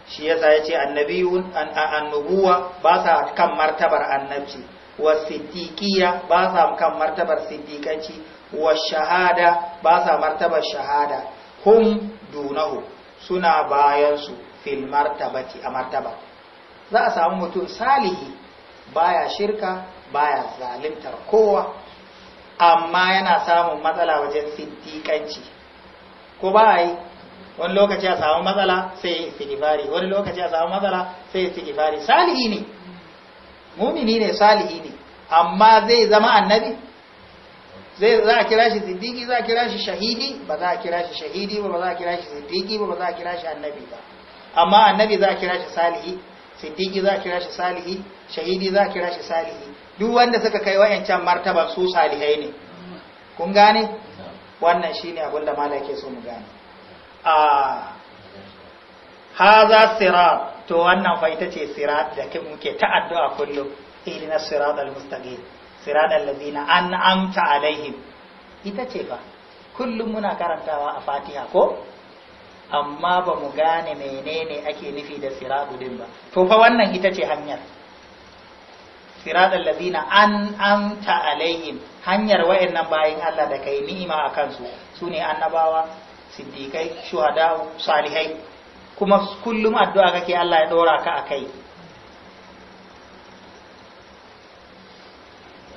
shi yasa ya ce annubuwa ba sa kan martabar annabci wa siddiƙiya ba sa kan martabar siddiƙanci wa shahada ba sa martabar shahada hum dunahu suna bayansu fil martabati a martaba za a samu mutum salihi baya shirka baya zalimtar kowa amma yana samun matsala wajen siddiƙanci ko ba yi wani lokaci a samu matsala sai ya istighfari wani lokaci a samu matsala sai ya istighfari salihi ne mumini ne salihi ne amma zai zama annabi zai za a kira shi siddiqi za a kira shi shahidi ba za a kira shi shahidi ba ba za a kira shi siddiqi ba ba za a kira shi annabi ba amma annabi za a kira shi salihi siddiqi za a kira shi salihi shahidi za a kira shi salihi duk wanda suka kai wayancan martaba su salihai ne kun gane wannan shine abin da mala yake so mu gane a haza sirat to wannan fa ita ce sirat da muke ta addu'a kullum ihdina sirat al-mustaqim sirat allazina an'amta alaihim ita ce fa kullum muna karantawa a fatiha ko amma ba mu gane menene ake nufi da siratu din ba to fa wannan ita ce hanyar siratal ladina an amta alaihim hanyar wayannan bayin Allah da kai ni'ima kansu. su sune annabawa siddiqai shuhada salihai kuma kullum addu'a kake Allah ya dora ka akai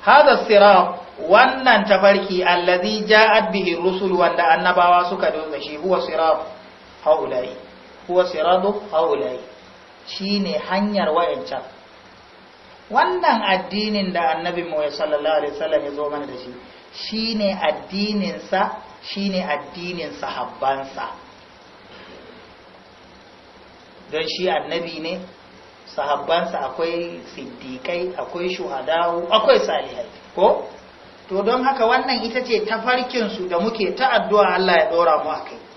hada sirat wannan tafarki allazi ja'at bihi rusul wanda annabawa suka dole shi huwa sirat haula'i huwa siradu haula'i shine hanyar wayancan wannan addinin da annabi Muhammad sallallahu alaihi wasallam ya zo mana da shi shine addinin sa shine addinin sahabban sa don shi annabi ne sahabban sa akwai siddiqai akwai shuhada'u akwai salihai ko to don haka wannan ita ce tafarkin su da muke ta addu'a Allah ya dora mu akai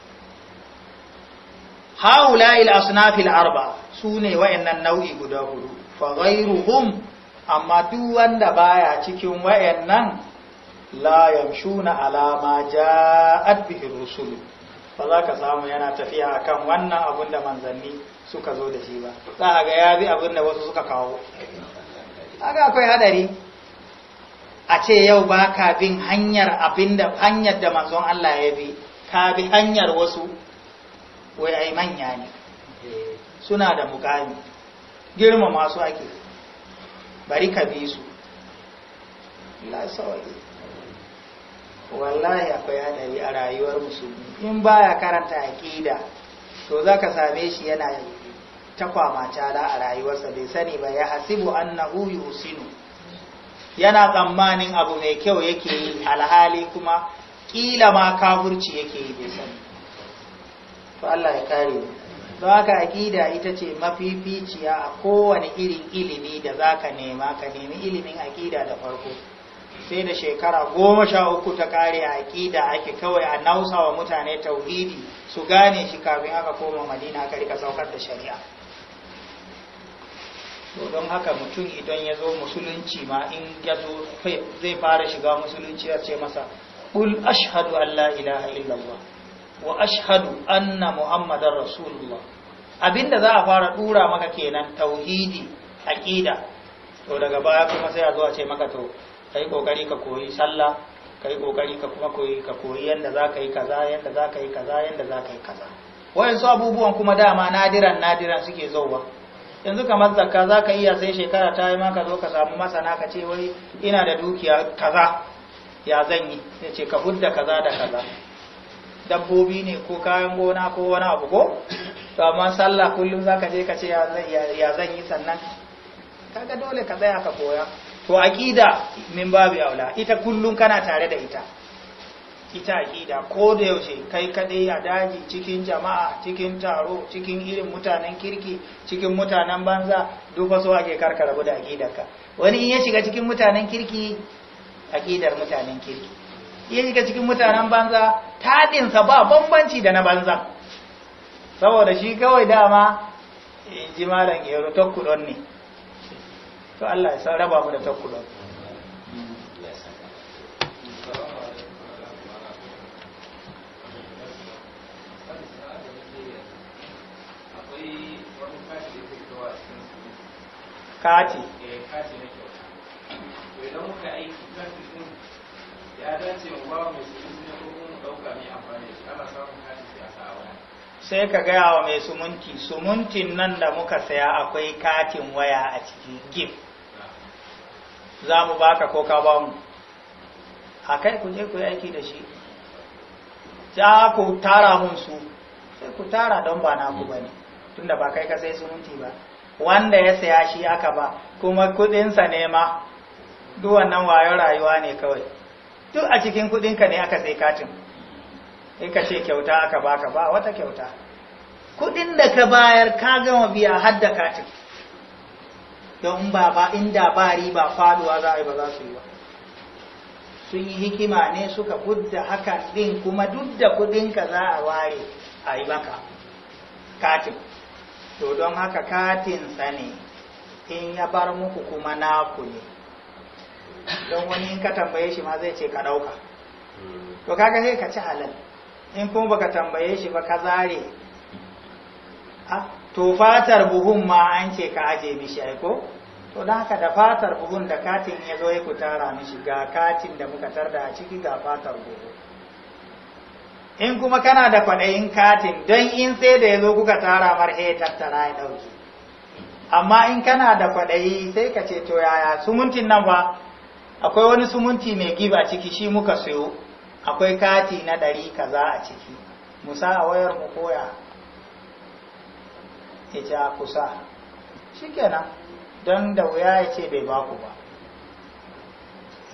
haula'il asnafil arba Sune ne wa'annan nau'i guda hudu fa ghairuhum amma duk wanda baya cikin wayannan la yamshuna ala ma ja'at bihi rusul ba za ka samu yana tafiya akan wannan abun da manzanni suka zo da shi ba za ga ya bi abin da wasu suka kawo haka akwai hadari a ce yau ba ka bin hanyar da hanyar da manzon Allah ya bi ka bi hanyar wasu wai ai manya ne eh, suna da mukami girma masu ake bari ka bi su wallahi akwai hadari a rayuwar musulmi in baya karanta aqida to zaka same shi yana takwama tara a rayuwarsa bai sani ba ya hasibu annahu yusinu yana tsammanin abu mai kyau yake yi alhali kuma kila ma kafurci yake yi bai sani to Allah ya kare mu don haka aƙida ita ce mafificiya a kowane irin ilimi da za ka nema ka nemi ilimin aƙida da farko sai da shekara goma sha uku ta kare a ake kawai a nausa wa mutane tauhidi su gane shi kafin aka koma madina aka rika saukar da shari'a to don haka mutum idan ya zo musulunci ma in ya zo zai fara shiga musulunci ya ce masa ƙul ashhadu an ilaha illallah wa ashhadu anna muhammadar rasulullah abinda za a fara dura maka kenan tauhidi aqida to daga baya kuma sai a zo a ce maka to kai kokari ka koyi sallah kai kokari ka kuma koyi ka koyi yanda za ka yi kaza yanda za ka yi kaza yanda za ka yi kaza su abubuwan kuma dama nadiran nadiran suke zowa yanzu kamar zakka za ka iya sai shekara ta yi maka zo ka samu masana ka ce wai ina da dukiya kaza ya zan yi ya ce ka hudda kaza da kaza dabbobi ne ko kayan gona ko wani abu ko to amma sallah kullum zaka je ka ce ya zan yi sannan kaga dole ka tsaya ka koya to aqida min babu aula ita kullum kana tare da ita ita aqida ko da yaushe kai kadai a daji cikin jama'a cikin taro cikin irin mutanen kirki cikin mutanen banza duk wasu ake karkara da aqidarka wani in ya shiga cikin mutanen kirki aqidar mutanen kirki ya shiga cikin mutanen banza taɗinsa ba bambanci da na banza saboda shi kawai dama in ji malam yaro takkudon ne to Allah ya san raba mu da takkudon kati eh kati ne kyauta to idan muka aiki ya dace ba mai su ne ko mu dauka mai amfani da shi ana samun kashi sai a sa sai ka gaya wa mai sumunti sumuntin nan da muka saya akwai katin waya a cikin gif za mu baka ko ka ba mu a kai ku je ku yi aiki da shi za ku tara mun su sai ku tara don ba na ku bane tunda ba kai ka sai sumunti ba wanda ya saya shi aka ba kuma kudinsa ne ma duk wannan wayo rayuwa ne kawai duk a cikin kudinka ne aka sai katin in ka ce kyauta aka baka ba wata kyauta kudin da ka bayar ka gama biya har da katin don ba ba inda ba riba faduwa za a yi ba za su yi ba sun yi hikima ne suka budda haka din kuma duk da kudinka za a ware a yi baka? katin to don haka katinsa ne in ya bar muku kuma naku ne don wani in ka tambaye shi ma zai ce ka ɗauka hmm. to kaga sai ka ci halal in kuma baka tambaye shi ba ka zare ah, to fatar buhun ma an ce ka aje mishi ko? to don haka da fatar buhun da katin ya zo ya ku tara mishi ga katin da muka tarda a ciki ga fatar buhun in kuma kana da kwaɗayin katin don in sai da ya zo kuka tara mar he tattara ya ɗauki amma in kana da kwaɗayi sai ka ce to yaya mintin nan ba akwai wani sumunti mai giba ciki shi muka sayo akwai kati na ɗari kaza a ciki musa a wayar mu koya ya ce kusa shi kenan don da wuya ya ce bai baku ba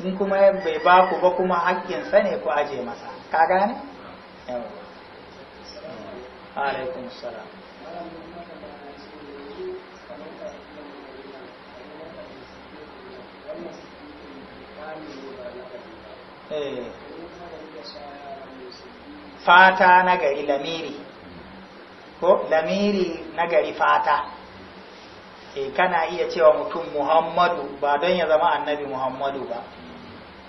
in kuma bai baku ba kuma haƙƙinsa ne ku aje masa ka gane? alaikum salam Eh. fata nagari lamiri ko lamiri nagari fata e kana iya cewa mutum muhammadu ba don ya zama annabi muhammadu ba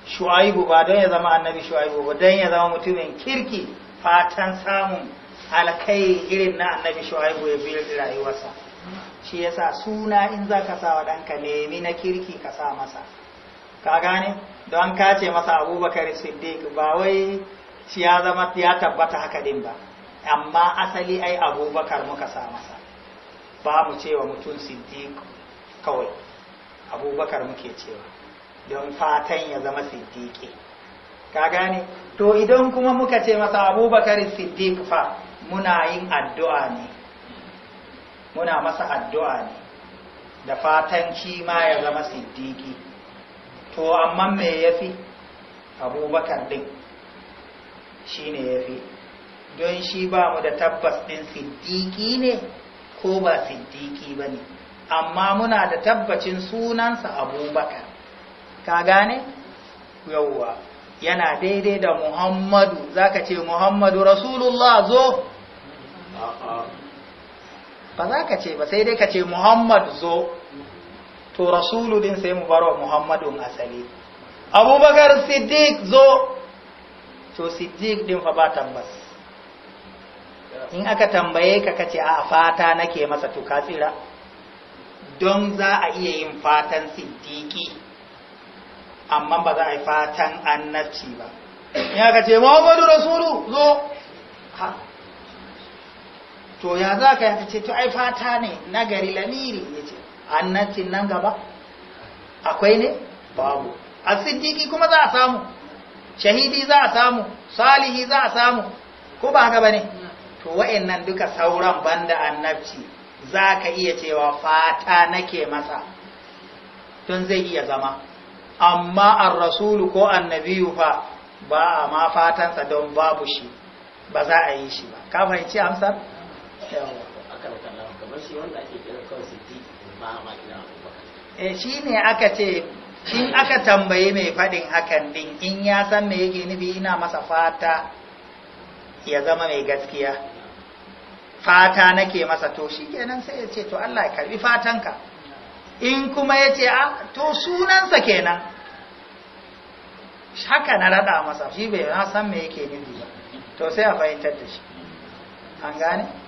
shu'aibu ba don ya zama annabi shu'aibu ba don ya zama mutumin kirki fatan samun alkai irin na annabi shu'aibu ya bi rayuwarsa shi yasa suna in za ka sa wa ɗanka nemi na kirki ka sa masa ka gane don ka ce masa abubakar siddiq ba wai shi ya zama ya tabbata haka din ba amma asali ai abubakar muka sa masa ba mu cewa mutum siddiq kawai abubakar muke cewa don fatan ya zama siddiqi ka gane to idan kuma muka ce masa abubakar siddiq fa muna yin addu'a ne muna masa addu'a ne da fatan shi ma ya zama siddiqi to amma me ya fi abubakar din shi ne ya don shi ba mu da tabbas ɗin siddiƙi ne ko ba siddiƙi ba ne amma muna da tabbacin sunansa abubakar ka gane yauwa yana daidai da muhammadu zaka ce muhammadu rasulullah zo ba za ka ce ba sai dai ka ce muhammad zo to rasulu din sai mu wa muhammadun asali abubakar siddiq zo to siddiq din fa ba tambas in aka tambaye ka kace a fata nake masa to ka tsira don za a iya yin fatan siddiqi amma ba za a yi fatan annabci ba in aka ce muhammadu rasulu zo ha to ya za ka yi ce to ai fata ne na gari lamiri ya annancin nan gaba akwai ne babu asiddiki kuma za a samu shahidi za a samu salihi za a samu ko ba haka bane to wayannan duka sauran banda annabci zaka iya cewa fata nake masa don zai iya zama amma ar-rasulu ko annabiyu fa ba a ma fatansa don babu shi ba za a yi shi ba ka fahimci amsar yawa kamar shi wanda ake kira kawai eh shi ne aka ce shi aka tambayi mai faɗin hakan din in ya san me yake nufi ina masa fata ya zama mai gaskiya fata nake masa to shi kenan sai ya ce to Allah ya karbi fatanka in kuma ya ce a ah, to sunansa kenan haka na raɗa masa shi bai san me yake nufi ba to sai a fahimtar da shi an gane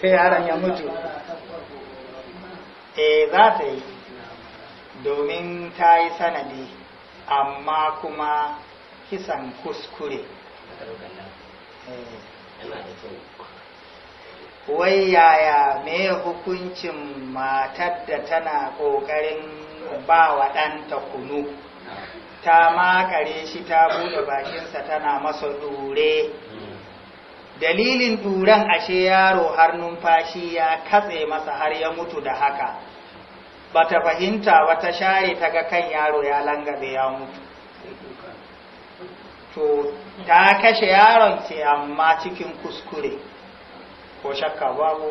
sai yaron ya mutu e za ta yi domin ta yi sanadi amma kuma kisan kuskure eh. wai yaya me hukuncin matar da tana ƙoƙarin ba wa ɗanta kunu ta makare shi ta bude bakinsa tana masa ɗure dalilin duran ashe yaro har numfashi ya katse masa har ya mutu da haka ba ta fahimta ba ta share ta ga kan yaro ya langabe ya mutu to ta kashe yaron ce amma cikin kuskure ko shakka babu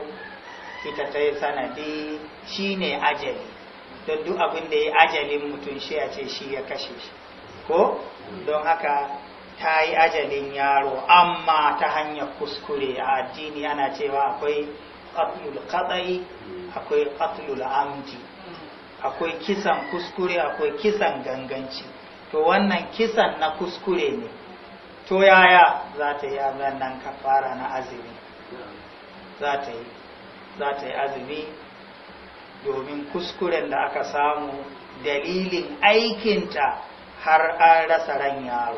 ita ta yi sanadi shi ne ajali don duk abin da ya ajalin mutum shi a ce shi ya kashe shi ko don haka ta yi ajalin yaro amma ta hanyar kuskure a addini ana cewa akwai qatlul qadai akwai qatlul amji, akwai kisan kuskure akwai kisan ganganci to wannan kisan na kuskure ne to yaya za ta yi nan kafara na azumi za ta yi azumi domin kuskuren da aka samu dalilin aikinta har an rasa ran yaro